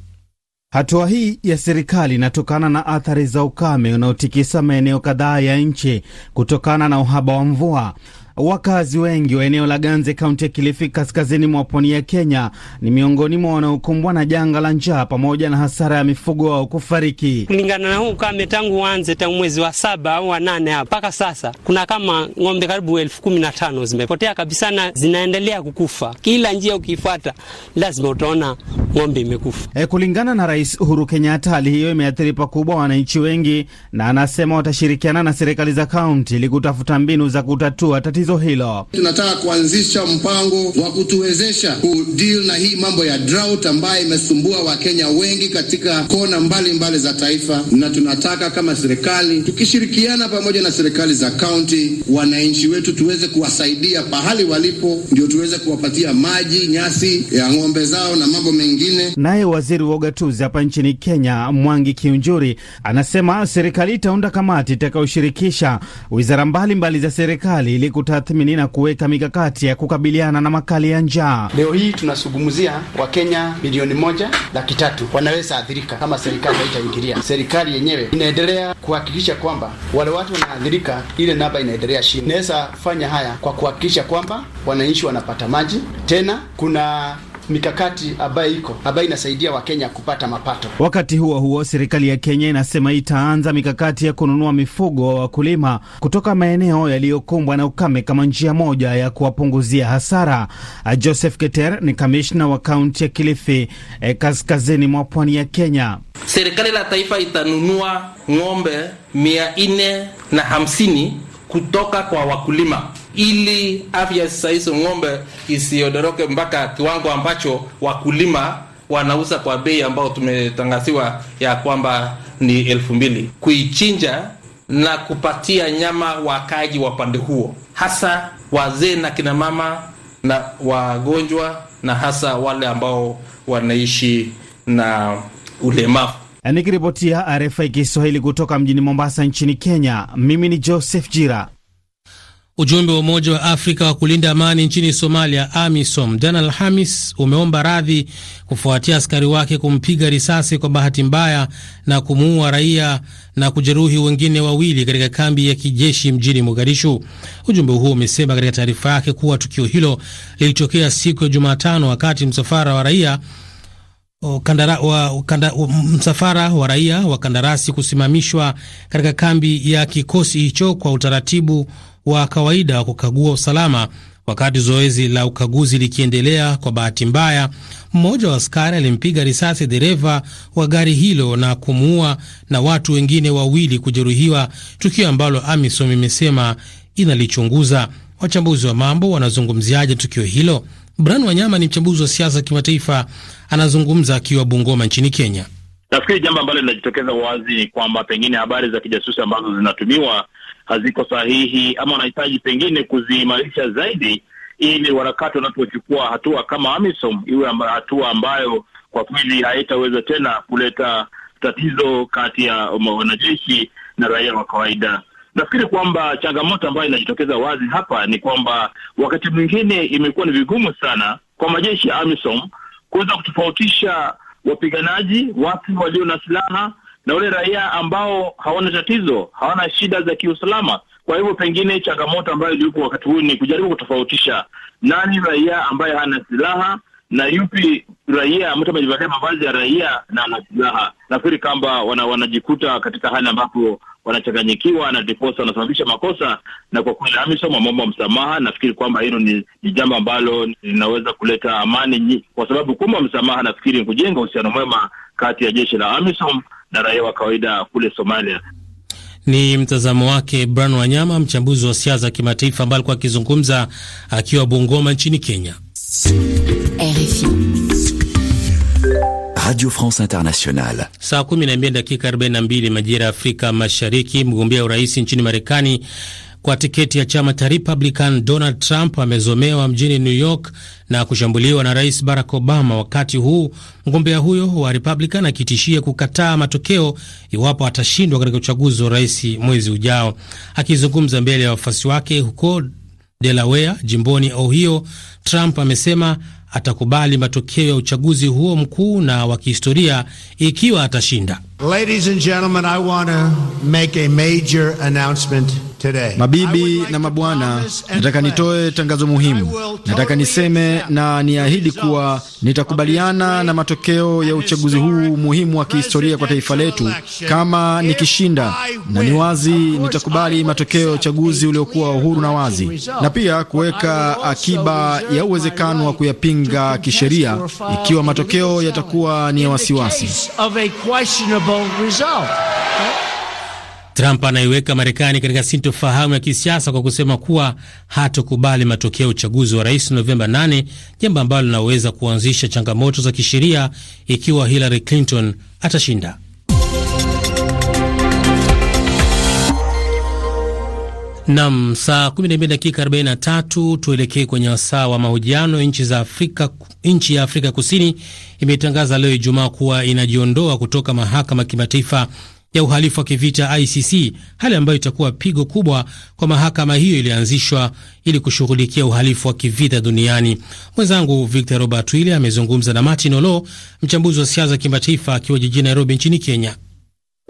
Hatua hii ya serikali inatokana na athari za ukame unaotikisa maeneo kadhaa ya nchi kutokana na uhaba wa mvua Wakazi wengi wa eneo la Ganze, kaunti ya Kilifi, kaskazini mwa pwani ya Kenya, ni miongoni mwa wanaokumbwa na janga la njaa pamoja na hasara ya mifugo wao kufariki. Kulingana na huu ukame, tangu uanze, tangu mwezi wa saba au wa nane hapa mpaka sasa, kuna kama ng'ombe karibu elfu kumi na tano zimepotea kabisa na zinaendelea kukufa. Kila njia ukiifuata, lazima utaona ng'ombe imekufa. E, kulingana na Rais Uhuru Kenyatta, hali hiyo imeathiri pakubwa wananchi wengi, na anasema watashirikiana na serikali za kaunti ili kutafuta mbinu za kutatua tatizo tatizo hilo. Tunataka kuanzisha mpango wa kutuwezesha kudeal na hii mambo ya drought ambayo imesumbua Wakenya wengi katika kona mbalimbali mbali za taifa, na tunataka kama serikali tukishirikiana pamoja na serikali za kaunti, wananchi wetu tuweze kuwasaidia pahali walipo, ndio tuweze kuwapatia maji, nyasi ya ng'ombe zao na mambo mengine. Naye waziri wa ugatuzi hapa nchini Kenya, Mwangi Kiunjuri, anasema serikali itaunda kamati itakayoshirikisha wizara mbalimbali za serikali ili kuta tathmini na kuweka mikakati ya kukabiliana na makali ya njaa. Leo hii tunazungumzia Wakenya milioni moja laki tatu wanaweza athirika kama serikali haitaingilia. Serikali yenyewe inaendelea kuhakikisha kwamba wale watu wanaathirika, ile namba inaendelea chini. Inaweza fanya haya kwa kuhakikisha kwamba wananchi wanapata maji. Tena kuna mikakati ambayo iko ambayo inasaidia Wakenya kupata mapato. Wakati huo huo, serikali ya Kenya inasema itaanza mikakati ya kununua mifugo wa wakulima kutoka maeneo yaliyokumbwa na ukame kama njia moja ya kuwapunguzia hasara. Joseph Keter ni kamishna wa kaunti ya Kilifi, eh, kaskazini mwa pwani ya Kenya. Serikali la taifa itanunua ng'ombe mia nne na hamsini kutoka kwa wakulima ili afya sasa hizo ng'ombe isiodoroke mpaka kiwango ambacho wakulima wanauza kwa bei ambayo tumetangaziwa ya kwamba ni elfu mbili kuichinja na kupatia nyama wakaji wa pande huo, hasa wazee na kinamama na wagonjwa na hasa wale ambao wanaishi na ulemavu. Nikiripotia RFI Kiswahili kutoka mjini Mombasa nchini Kenya, mimi ni Joseph Jira. Ujumbe wa Umoja wa Afrika wa kulinda amani nchini Somalia, AMISOM, jana Alhamis umeomba radhi kufuatia askari wake kumpiga risasi kwa bahati mbaya na kumuua raia na kujeruhi wengine wawili katika kambi ya kijeshi mjini Mogadishu. Ujumbe huo umesema katika taarifa yake kuwa tukio hilo lilitokea siku ya Jumatano wakati msafara wa raia Kandara, wa, kanda, msafara wa raia wa kandarasi kusimamishwa katika kambi ya kikosi hicho kwa utaratibu wa kawaida wa kukagua usalama Wakati zoezi la ukaguzi likiendelea, kwa bahati mbaya, mmoja wa askari alimpiga risasi dereva wa gari hilo na kumuua na watu wengine wawili kujeruhiwa, tukio ambalo AMISOM imesema inalichunguza. Wachambuzi wa mambo wanazungumziaje tukio hilo? bran Wanyama ni mchambuzi wa siasa kimataifa, anazungumza akiwa Bungoma nchini Kenya. Nafikiri jambo ambalo linajitokeza wazi ni kwamba pengine habari za kijasusi ambazo zinatumiwa haziko sahihi, ama wanahitaji pengine kuziimarisha zaidi, ili warakati wanapochukua hatua kama AMISOM iwe amba, hatua ambayo kwa kweli haitaweza tena kuleta tatizo kati ya wanajeshi na raia wa kawaida. Nafikiri kwamba changamoto ambayo inajitokeza wazi hapa ni kwamba wakati mwingine imekuwa ni vigumu sana kwa majeshi ya AMISOM kuweza kutofautisha wapiganaji wapi walio na silaha na wale raia ambao hawana tatizo, hawana shida za kiusalama. Kwa hivyo pengine changamoto ambayo iliyopo wakati huu ni kujaribu kutofautisha nani raia ambaye hana silaha na yupi raia mtu amejivalia mavazi ya raia na ana silaha. Nafikiri kwamba wanajikuta wana, katika hali ambapo wanachanganyikiwa na diposa wanasababisha makosa, na kwa kweli AMISOM wa msamaha. Nafikiri kwamba hilo ni, ni jambo ambalo linaweza kuleta amani, kwa sababu kumba msamaha nafikiri ni kujenga uhusiano mwema kati ya jeshi la AMISOM na raia wa kawaida kule Somalia. Ni mtazamo wake Bran Wanyama, mchambuzi wa siasa za kimataifa, ambaye alikuwa akizungumza akiwa Bungoma nchini Kenya. RFI Radio France Internationale. Saa 12 dakika 42 majira ya Afrika Mashariki. Mgombea urais nchini Marekani kwa tiketi ya chama cha Republican, Donald Trump amezomewa mjini New York na kushambuliwa na Rais Barack Obama, wakati huu mgombea huyo wa Republican akitishia kukataa matokeo iwapo atashindwa katika uchaguzi wa rais mwezi ujao. Akizungumza mbele ya wafuasi wake huko Delaware, jimboni Ohio, Trump amesema atakubali matokeo ya uchaguzi huo mkuu na wa kihistoria ikiwa atashinda. Ladies and gentlemen, I want to make a major announcement today. Mabibi na mabwana, nataka nitoe tangazo muhimu. nataka niseme na niahidi kuwa nitakubaliana na matokeo ya uchaguzi huu muhimu wa kihistoria kwa taifa letu kama nikishinda, na ni wazi nitakubali matokeo ya uchaguzi uliokuwa uhuru na wazi, na pia kuweka akiba ya uwezekano wa kuyapinga kisheria ikiwa matokeo yatakuwa ni ya wasiwasi result. Trump anaiweka Marekani katika sintofahamu ya kisiasa kwa kusema kuwa hatokubali matokeo ya uchaguzi wa rais Novemba 8, jambo ambalo linaweza kuanzisha changamoto za kisheria ikiwa Hillary Clinton atashinda. Nam, saa 12 dakika 43, tuelekee kwenye wasaa wa mahojiano. Nchi za Afrika, nchi ya Afrika Kusini imetangaza leo Ijumaa kuwa inajiondoa kutoka mahakama ya kimataifa ya uhalifu wa kivita ICC, hali ambayo itakuwa pigo kubwa kwa mahakama hiyo iliyoanzishwa ili kushughulikia uhalifu wa kivita duniani. Mwenzangu Victor Robert Wille amezungumza na Martin Olo, mchambuzi wa siasa kimataifa akiwa jijini Nairobi nchini Kenya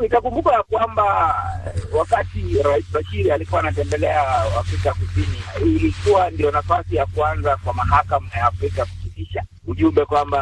nikakumbuka ya kwamba wakati Rais Bashiri alikuwa anatembelea Afrika Kusini, ilikuwa ndio nafasi ya kwanza kwa mahakama ya Afrika kusitisha ujumbe kwamba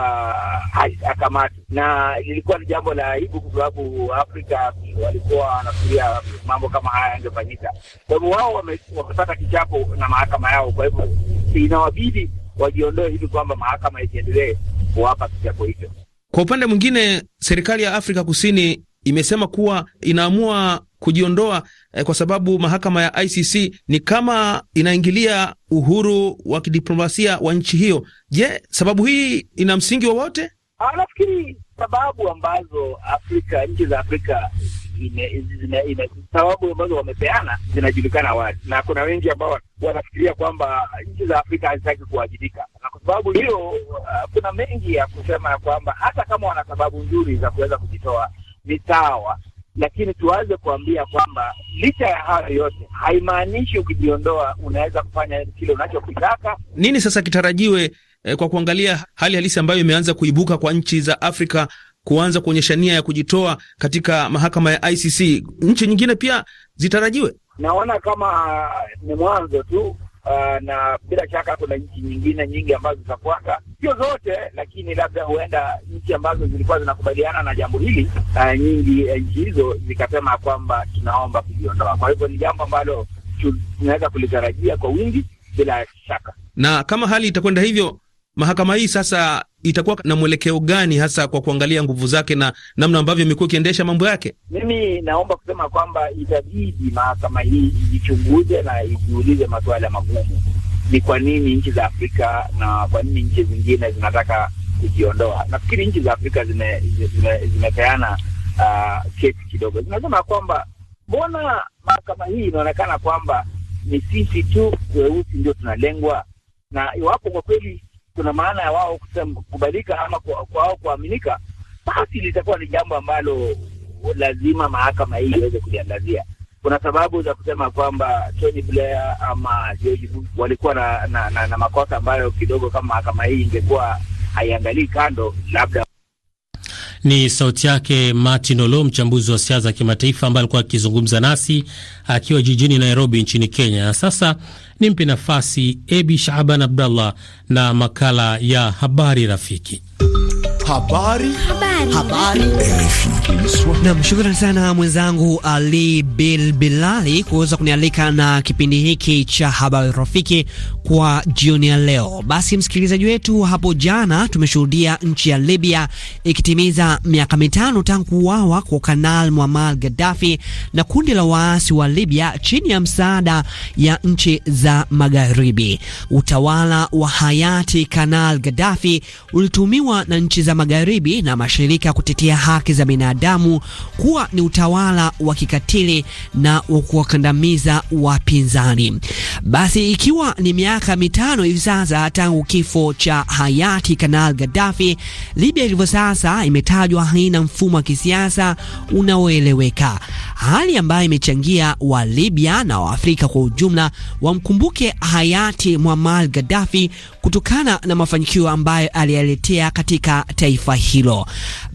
hakamati, na ilikuwa ni jambo la aibu kwa sababu Afrika walikuwa wanafikiria mambo kama haya yangefanyika. Kwa hivyo wao wamepata kichapo na mahakama yao, kwa hivyo inawabidi wajiondoe hivi kwamba mahakama isiendelee kuwapa kichapo hicho. Kwa upande mwingine, serikali ya Afrika Kusini imesema kuwa inaamua kujiondoa eh, kwa sababu mahakama ya ICC ni kama inaingilia uhuru wa kidiplomasia wa nchi hiyo. Je, sababu hii ina msingi wowote? Ah, nafikiri sababu ambazo Afrika, nchi za Afrika sababu ambazo wamepeana zinajulikana wazi, na kuna wengi ambao wanafikiria kwamba nchi za Afrika hazitaki kuwajibika, na kwa sababu hiyo uh, kuna mengi ya kusema ya kwamba hata kama wana sababu nzuri za kuweza kujitoa ni sawa, lakini tuanze kuambia kwamba licha ya hayo yote haimaanishi ukijiondoa unaweza kufanya kile unachokitaka. Nini sasa kitarajiwe eh, kwa kuangalia hali halisi ambayo imeanza kuibuka kwa nchi za Afrika kuanza kuonyesha nia ya kujitoa katika mahakama ya ICC, nchi nyingine pia zitarajiwe. Naona kama eh, ni mwanzo tu uh, na bila shaka kuna nchi nyingine nyingi ambazo zitafuata, sio zote, lakini labda huenda nchi ambazo zilikuwa zinakubaliana na jambo hili uh, nyingi eh, nchi hizo zikasema kwamba tunaomba kujiondoa. Kwa hivyo ni jambo ambalo tunaweza kulitarajia kwa wingi bila shaka na kama hali itakwenda hivyo, Mahakama hii sasa itakuwa na mwelekeo gani hasa kwa kuangalia nguvu zake na namna ambavyo imekuwa ikiendesha mambo yake? Mimi naomba kusema kwamba itabidi mahakama hii ijichunguze na ijiulize masuala magumu. Ni kwa nini nchi za Afrika na kwa nini nchi zingine zinataka kujiondoa? Nafikiri nchi za Afrika zimepeana uh, kesi kidogo, zinasema kwamba mbona mahakama hii inaonekana kwamba ni sisi tu weusi ndio tunalengwa, na iwapo kwa kweli kuna maana ya wao kukubalika ama kwao kwa kuaminika, basi litakuwa ni jambo ambalo lazima mahakama hii iweze kuliangazia. Kuna sababu za kusema kwamba Tony Blair ama George Bush walikuwa na, na, na, na makosa ambayo kidogo kama mahakama hii ingekuwa haiangalii kando labda ni sauti yake Martin Olo, mchambuzi wa siasa za kimataifa ambaye alikuwa akizungumza nasi akiwa jijini Nairobi nchini Kenya. na Sasa nimpe nafasi Ebi Shaban Abdallah na makala ya habari rafiki. Habari. Habari. Habari. Nam, shukrani sana mwenzangu Ali Bil Bilali kuweza kunialika na kipindi hiki cha habari rafiki kwa jioni ya leo. Basi msikilizaji wetu, hapo jana tumeshuhudia nchi ya Libya ikitimiza miaka mitano tangu kuuawa kwa Kanal Muammar Gaddafi na kundi la waasi wa Libya chini ya msaada ya nchi za magharibi. Utawala wa hayati Kanal Gaddafi ulitumiwa na nchi za magharibi na mashirika kutetea haki za binadamu kuwa ni utawala wa kikatili na wa kuwakandamiza wapinzani. Basi ikiwa ni miaka mitano hivi sasa tangu kifo cha hayati Kanal Gaddafi, Libya ilivyo sasa imetajwa haina mfumo wa kisiasa unaoeleweka, hali ambayo imechangia wa Libya na Waafrika kwa ujumla wa Mkumbuke hayati Muammar Gaddafi kutokana na mafanikio ambayo aliyaletea katika taifa hilo.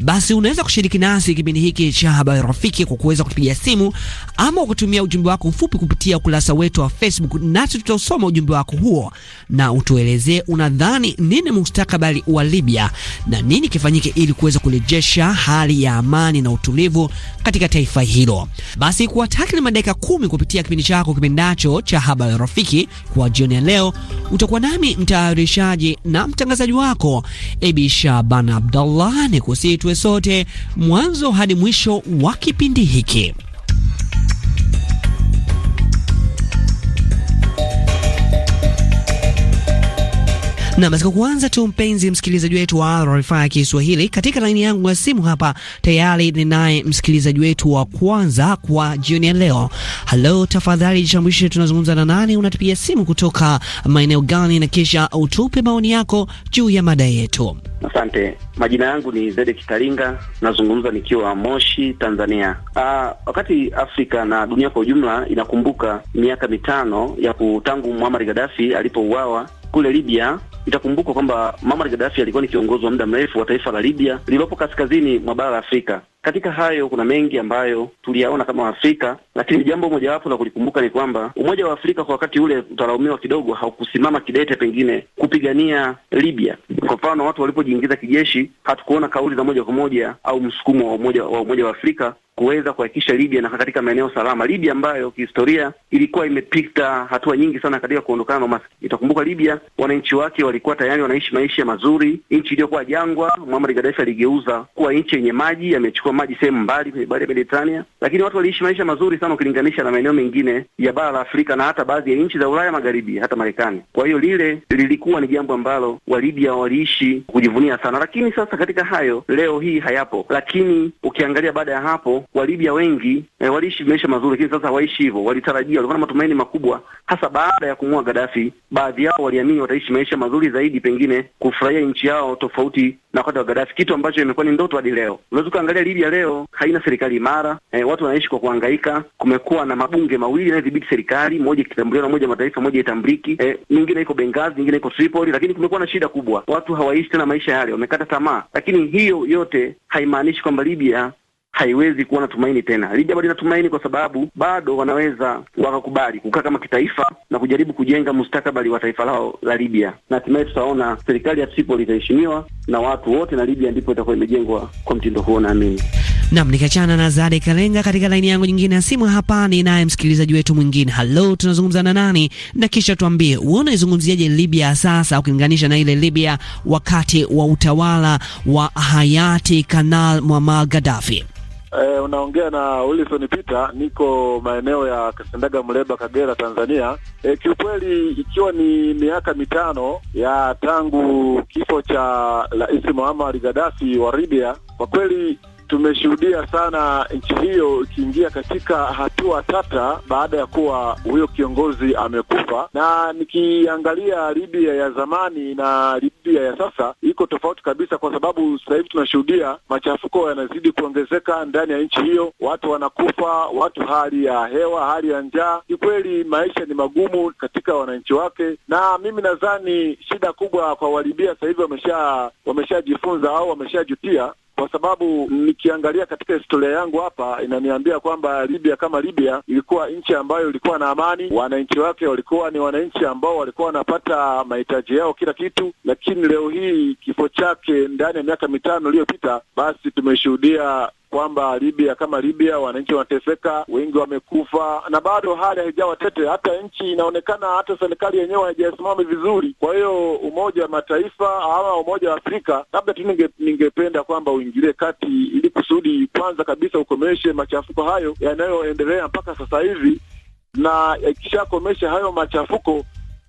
Basi unaweza kushiriki nasi kipindi hiki cha habari rafiki kwa kuweza kupiga simu ama kutumia ujumbe wako mfupi kupitia ukurasa wetu wa Facebook, nasi tutausoma ujumbe wako huo na utuelezee unadhani nini mustakabali wa Libya na nini kifanyike ili kuweza kurejesha hali ya amani na utulivu katika taifa hilo. Basi kwa takriban dakika kumi kupitia kipindi chako kipindacho cha habari rafiki kwa jioni ya leo utakuwa nami mtayari mtayarishaji na mtangazaji wako Ebisha ban Abdallah, ni kusitwe sote mwanzo hadi mwisho wa kipindi hiki. Na katika kuanza tu, mpenzi msikilizaji wetu wa RFI ya Kiswahili, katika laini yangu ya simu hapa tayari ninaye msikilizaji wetu wa kwanza kwa jioni ya leo. Halo, tafadhali jitambulishe, tunazungumza na nani, unatupigia simu kutoka maeneo gani, na kisha utupe maoni yako juu ya mada yetu. Asante. Majina yangu ni Zede Kitalinga, nazungumza nikiwa Moshi, Tanzania. Aa, ah, wakati Afrika na dunia kwa ujumla inakumbuka miaka mitano ya kutangu Muammar Gaddafi alipouawa kule Libya Itakumbukwa kwamba Muammar Gaddafi alikuwa ni kiongozi wa muda mrefu wa taifa la Libya lililopo kaskazini mwa bara la Afrika. Katika hayo kuna mengi ambayo tuliyaona kama Afrika, lakini jambo mojawapo la kulikumbuka ni kwamba Umoja wa Afrika kwa wakati ule utalaumiwa kidogo, haukusimama kidete pengine kupigania Libya. Kwa mfano, watu walipojiingiza kijeshi, hatukuona kauli za moja kwa moja au msukumo wa umoja wa Umoja wa Afrika kuweza kuhakikisha Libya inakaa katika maeneo salama. Libya ambayo kihistoria ilikuwa imepita hatua nyingi sana katika kuondokana na umaskini. Itakumbuka Libya wananchi wake walikuwa tayari wanaishi maisha mazuri, nchi iliyokuwa jangwa. Muammar Gaddafi aligeuza kuwa nchi yenye maji, amechukua maji sehemu mbali kwenye bahari ya Mediterania, lakini watu waliishi maisha mazuri sana ukilinganisha na maeneo mengine ya bara la Afrika na hata baadhi ya nchi za Ulaya Magharibi, hata Marekani. Kwa hiyo lile lilikuwa ni jambo ambalo Walibya waliishi kujivunia sana, lakini sasa katika hayo leo hii hayapo. Lakini ukiangalia baada ya hapo Walibya wengi eh, waliishi maisha mazuri, lakini sasa waishi hivyo. Walitarajia, walikuwa na matumaini makubwa, hasa baada ya kumua Gaddafi. Baadhi yao waliamini wataishi maisha mazuri zaidi, pengine kufurahia nchi yao tofauti na wakati wa Gaddafi, kitu ambacho imekuwa ni ndoto hadi leo. Unaweza ukaangalia Libya leo haina serikali imara eh, watu wanaishi kwa kuhangaika. Kumekuwa na mabunge mawili yanayodhibiti serikali, moja ikitambuliwa na Umoja Mataifa, moja itambriki eh, nyingine iko Benghazi, nyingine iko Tripoli, lakini kumekuwa na shida kubwa, watu hawaishi tena maisha yale, wamekata tamaa. Lakini hiyo yote haimaanishi kwamba Libya haiwezi kuwa na tumaini tena. Libya bado inatumaini kwa sababu bado wanaweza wakakubali kukaa kama kitaifa na kujaribu kujenga mustakabali wa taifa lao la Libya, na hatimaye tutaona serikali ya Tripoli itaheshimiwa na watu wote, na Libya ndipo itakuwa imejengwa kwa mtindo huo, naamini. Nam, nikiachana na Zade Kalenga katika laini yangu nyingine ya simu hapa, ni naye msikilizaji wetu mwingine. Halo, tunazungumza na nani? Na kisha tuambie wewe unaizungumziaje Libya sasa ukilinganisha na ile Libya wakati wa utawala wa hayati Kanal Muammar Gaddafi? Eh, unaongea na Wilson Peter, niko maeneo ya Kasendaga Muleba, Kagera, Tanzania. Eh, kiukweli ikiwa ni miaka mitano ya tangu kifo cha Rais Muammar Gaddafi wa Libya, kwa kweli tumeshuhudia sana nchi hiyo ikiingia katika hatua tata baada ya kuwa huyo kiongozi amekufa. Na nikiangalia Libya ya zamani na Libya ya sasa iko tofauti kabisa, kwa sababu sasa hivi tunashuhudia machafuko yanazidi kuongezeka ndani ya nchi hiyo, watu wanakufa, watu, hali ya hewa, hali ya njaa. Kikweli maisha ni magumu katika wananchi wake, na mimi nadhani shida kubwa kwa Walibia sasa hivi wamesha wameshajifunza au wameshajutia kwa sababu nikiangalia katika historia yangu hapa inaniambia kwamba Libya kama Libya ilikuwa nchi ambayo ilikuwa na amani, wananchi wake walikuwa ni wananchi ambao walikuwa wanapata mahitaji yao kila kitu, lakini leo hii kifo chake ndani ya miaka mitano iliyopita, basi tumeshuhudia kwamba Libya kama Libya wananchi wanateseka, wengi wamekufa, na bado hali haijawa tete. Hata nchi inaonekana, hata serikali yenyewe haijasimama vizuri. Kwa hiyo Umoja wa Mataifa ama Umoja wa Afrika, labda tu ninge, ningependa kwamba uingilie kati ili kusudi kwanza kabisa ukomeshe machafuko hayo yanayoendelea mpaka sasa hivi, na ikishakomesha hayo machafuko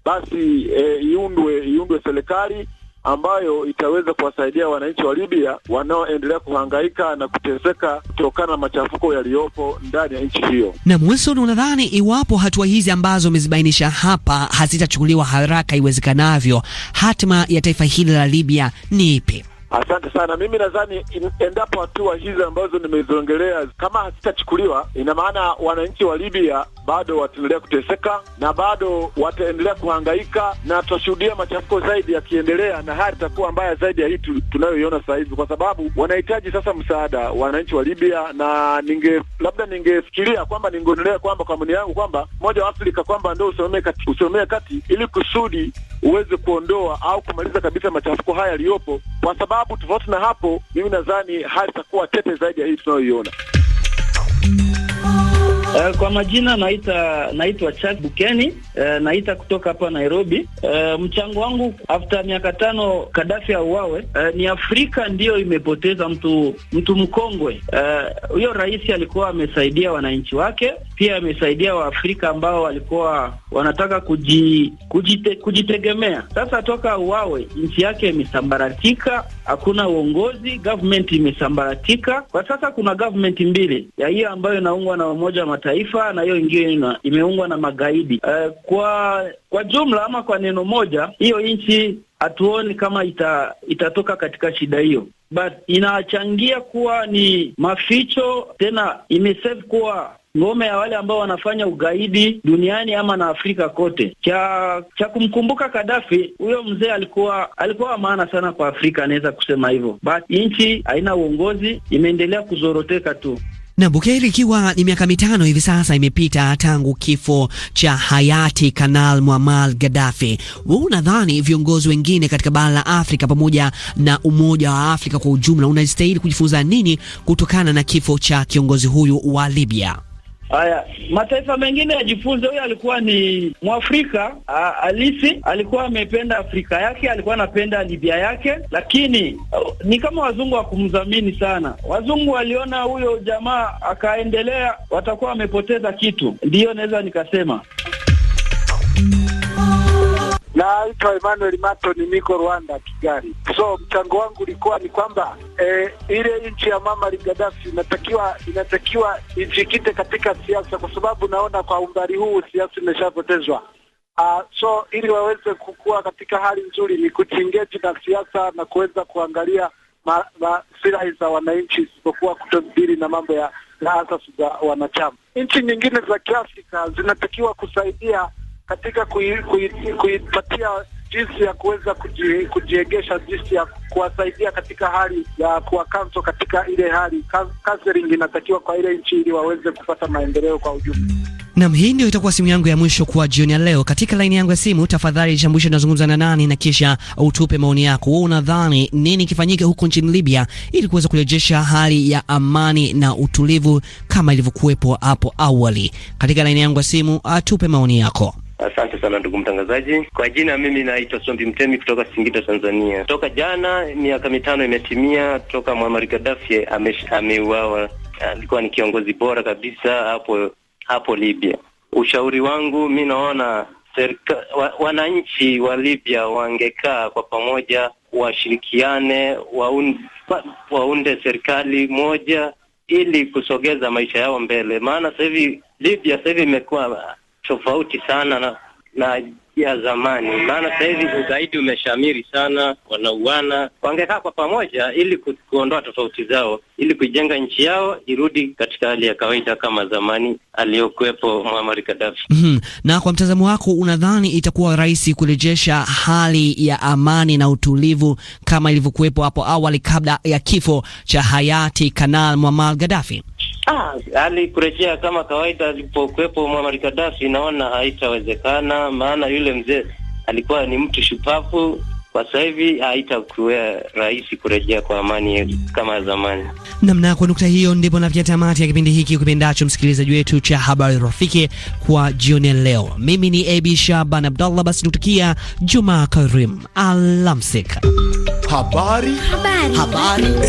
basi e, iundwe iundwe serikali ambayo itaweza kuwasaidia wananchi wa Libya wanaoendelea kuhangaika na kuteseka kutokana na machafuko yaliyopo ndani ya nchi hiyo. Na Wilson, unadhani iwapo hatua hizi ambazo umezibainisha hapa hazitachukuliwa haraka iwezekanavyo, hatima ya taifa hili la Libya ni ipi? Asante sana. Mimi nadhani endapo hatua hizi ambazo nimeziongelea kama hazitachukuliwa, ina maana wananchi wa Libya bado wataendelea kuteseka na bado wataendelea kuhangaika, na tutashuhudia machafuko zaidi yakiendelea, na hali itakuwa mbaya zaidi ya hii tunayoiona sasa hivi, kwa sababu wanahitaji sasa msaada wananchi wa Libya, na ninge labda ningefikiria kwamba ningeonelea kwamba kwa maoni yangu kwamba moja wa Afrika kwamba ndio usomee kati, usomee kati ili kusudi uweze kuondoa au kumaliza kabisa machafuko haya yaliyopo, kwa sababu tofauti na hapo, mimi nadhani hali itakuwa tete zaidi ya hii tunayoiona. Uh, kwa majina naita naitwa Chak Bukeni. Uh, naita kutoka hapa Nairobi. Uh, mchango wangu after miaka tano Kadafi auawe, uh, ni Afrika ndiyo imepoteza mtu mtu mkongwe. Huyo uh, rais alikuwa amesaidia wananchi wake, pia amesaidia Waafrika ambao walikuwa wanataka kuji, kujite, kujitegemea. Sasa toka uwawe nchi yake imesambaratika, hakuna uongozi, government imesambaratika. Kwa sasa kuna government mbili, ya hiyo ambayo inaungwa na Umoja wa Mataifa na hiyo ingine imeungwa na magaidi. Uh, kwa kwa jumla ama kwa neno moja, hiyo nchi hatuoni kama ita, itatoka katika shida hiyo, but inachangia kuwa ni maficho tena, imesave kuwa ngome ya wale ambao wanafanya ugaidi duniani ama na Afrika kote. Cha cha kumkumbuka Kadhafi, huyo mzee alikuwa alikuwa maana sana kwa Afrika, anaweza kusema hivyo, but nchi haina uongozi, imeendelea kuzoroteka tu. Na Bukeri, ikiwa ni miaka mitano hivi sasa imepita tangu kifo cha hayati Kanal Muammar Gaddafi, wewe unadhani viongozi wengine katika bara la Afrika pamoja na Umoja wa Afrika kwa ujumla unastahili kujifunza nini kutokana na kifo cha kiongozi huyu wa Libya? Haya, mataifa mengine yajifunze. Huyo alikuwa ni Mwafrika alisi alikuwa amependa Afrika yake, alikuwa anapenda Libya yake, lakini uh, ni kama wazungu wakumdhamini sana. Wazungu waliona huyo jamaa akaendelea, watakuwa wamepoteza kitu, ndiyo naweza nikasema. Naitwa Emmanuel Matoni, niko Rwanda, Kigali. So mchango wangu ulikuwa ni kwamba e, ile nchi ya mama Gaddafi inatakiwa inatakiwa ijikite katika siasa, kwa sababu naona kwa umbali huu siasa imeshapotezwa. Uh, ah, so ili waweze kukua katika hali nzuri ni kuchingeji na siasa na kuweza kuangalia ma, za wananchi, isipokuwa kutodili na mambo ya na asasi za wanachama. Nchi nyingine za Kiafrika zinatakiwa kusaidia katika kuipatia kui, kui jinsi ya kuweza kujiegesha, jinsi ya kuwasaidia katika hali ya kuwa kanso katika ile hali counseling inatakiwa kwa ile nchi ili waweze kupata maendeleo kwa ujumla. Nam, hii ndio itakuwa simu yangu ya mwisho kwa jioni ya leo. Katika laini yangu ya simu, tafadhali chambuisho nazungumza na nani, na kisha utupe maoni yako. Wewe unadhani nini kifanyike huko nchini Libya ili kuweza kurejesha hali ya amani na utulivu kama ilivyokuwepo hapo awali? Katika laini yangu ya simu, atupe maoni yako. Asante sana ndugu mtangazaji. Kwa jina mimi naitwa Sombi Mtemi kutoka Singida, Tanzania. Toka jana miaka mitano imetimia toka Muammar Gaddafi ameuawa. Alikuwa ni kiongozi bora kabisa hapo hapo Libya. Ushauri wangu mi naona serika, wa, wananchi wa Libya wangekaa kwa pamoja, washirikiane, waunde, waunde serikali moja ili kusogeza maisha yao mbele, maana sasa hivi Libya sasa hivi imekuwa tofauti sana na na ya zamani, maana sasa hivi ugaidi umeshamiri sana, wanauana. Wangekaa kwa pamoja ili ku, kuondoa tofauti zao ili kuijenga nchi yao irudi katika hali ya kawaida kama zamani aliyokuwepo Muammar Gaddafi. mm -hmm. Na kwa mtazamo wako, unadhani itakuwa rahisi kurejesha hali ya amani na utulivu kama ilivyokuwepo hapo awali kabla ya kifo cha hayati Kanal Muammar Gaddafi? Ah, hali kurejea kama kawaida alipokuwepo Muammar Gaddafi, naona haitawezekana, maana yule mzee alikuwa ni mtu shupavu. Kwa sasa hivi haitakuwa rahisi kurejea kwa amani kama zamani. Namna kwa nukta hiyo, ndipo nafikia tamati ya kipindi hiki ukipendacho msikilizaji wetu cha habari rafiki kwa jioni ya leo. Mimi ni Abi Shaban Abdallah, basi nikutakia Juma Karim, alamsika. habari. habari. habari. habari.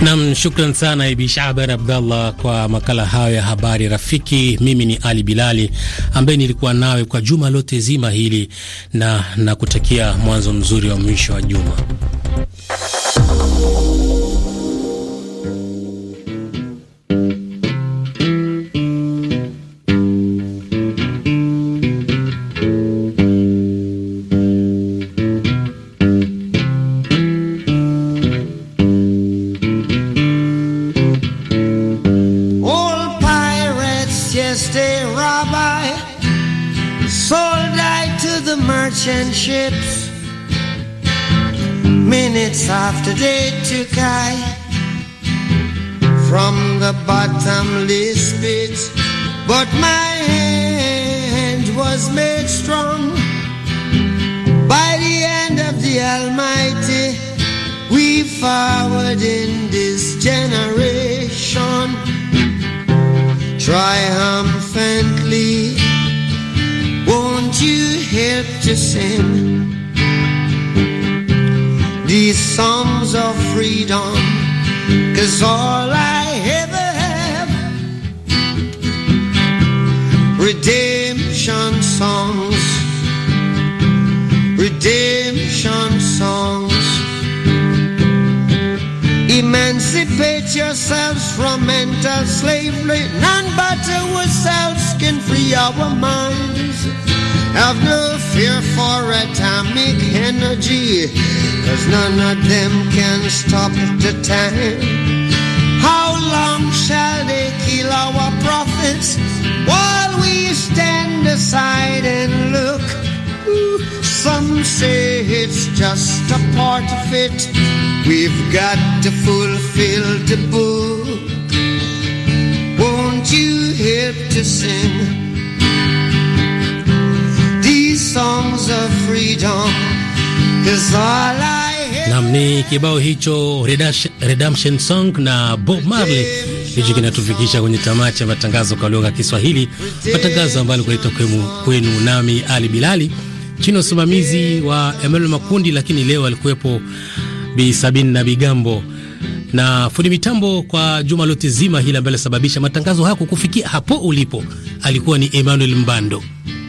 Nam, shukran sana Ibi Shaban Abdallah kwa makala hayo ya habari rafiki. Mimi ni Ali Bilali ambaye nilikuwa nawe kwa juma lote zima hili, na nakutakia mwanzo mzuri wa mwisho wa juma. ships minutes after they took I from the bottomless pit, but my hand was made strong by the hand of the Almighty. We forward in this generation triumphantly helped to sing these songs of freedom. Cause all I ever have redemption songs, redemption songs. Emancipate yourselves from mental slavery. None but ourselves can free our minds. Have no fear for atomic energy, cause none of them can stop the time. How long shall they kill our prophets while we stand aside and look? some say it's just a part of it. We've got to fulfill the book. Won't you help to sing? songs of freedom cause all I nam ni kibao hicho Redemption Song na Bob Marley hicho kinatufikisha kwenye tamati ya matangazo kwa lugha ya Kiswahili, matangazo ambayo kuleta kwenu nami Ali Bilali chini ya usimamizi wa Emmanuel Makundi, lakini leo alikuwepo Bi Sabini na Bigambo na fundi mitambo kwa juma lote zima hili ambalo sababisha matangazo haya kukufikia hapo ulipo, alikuwa ni Emmanuel Mbando.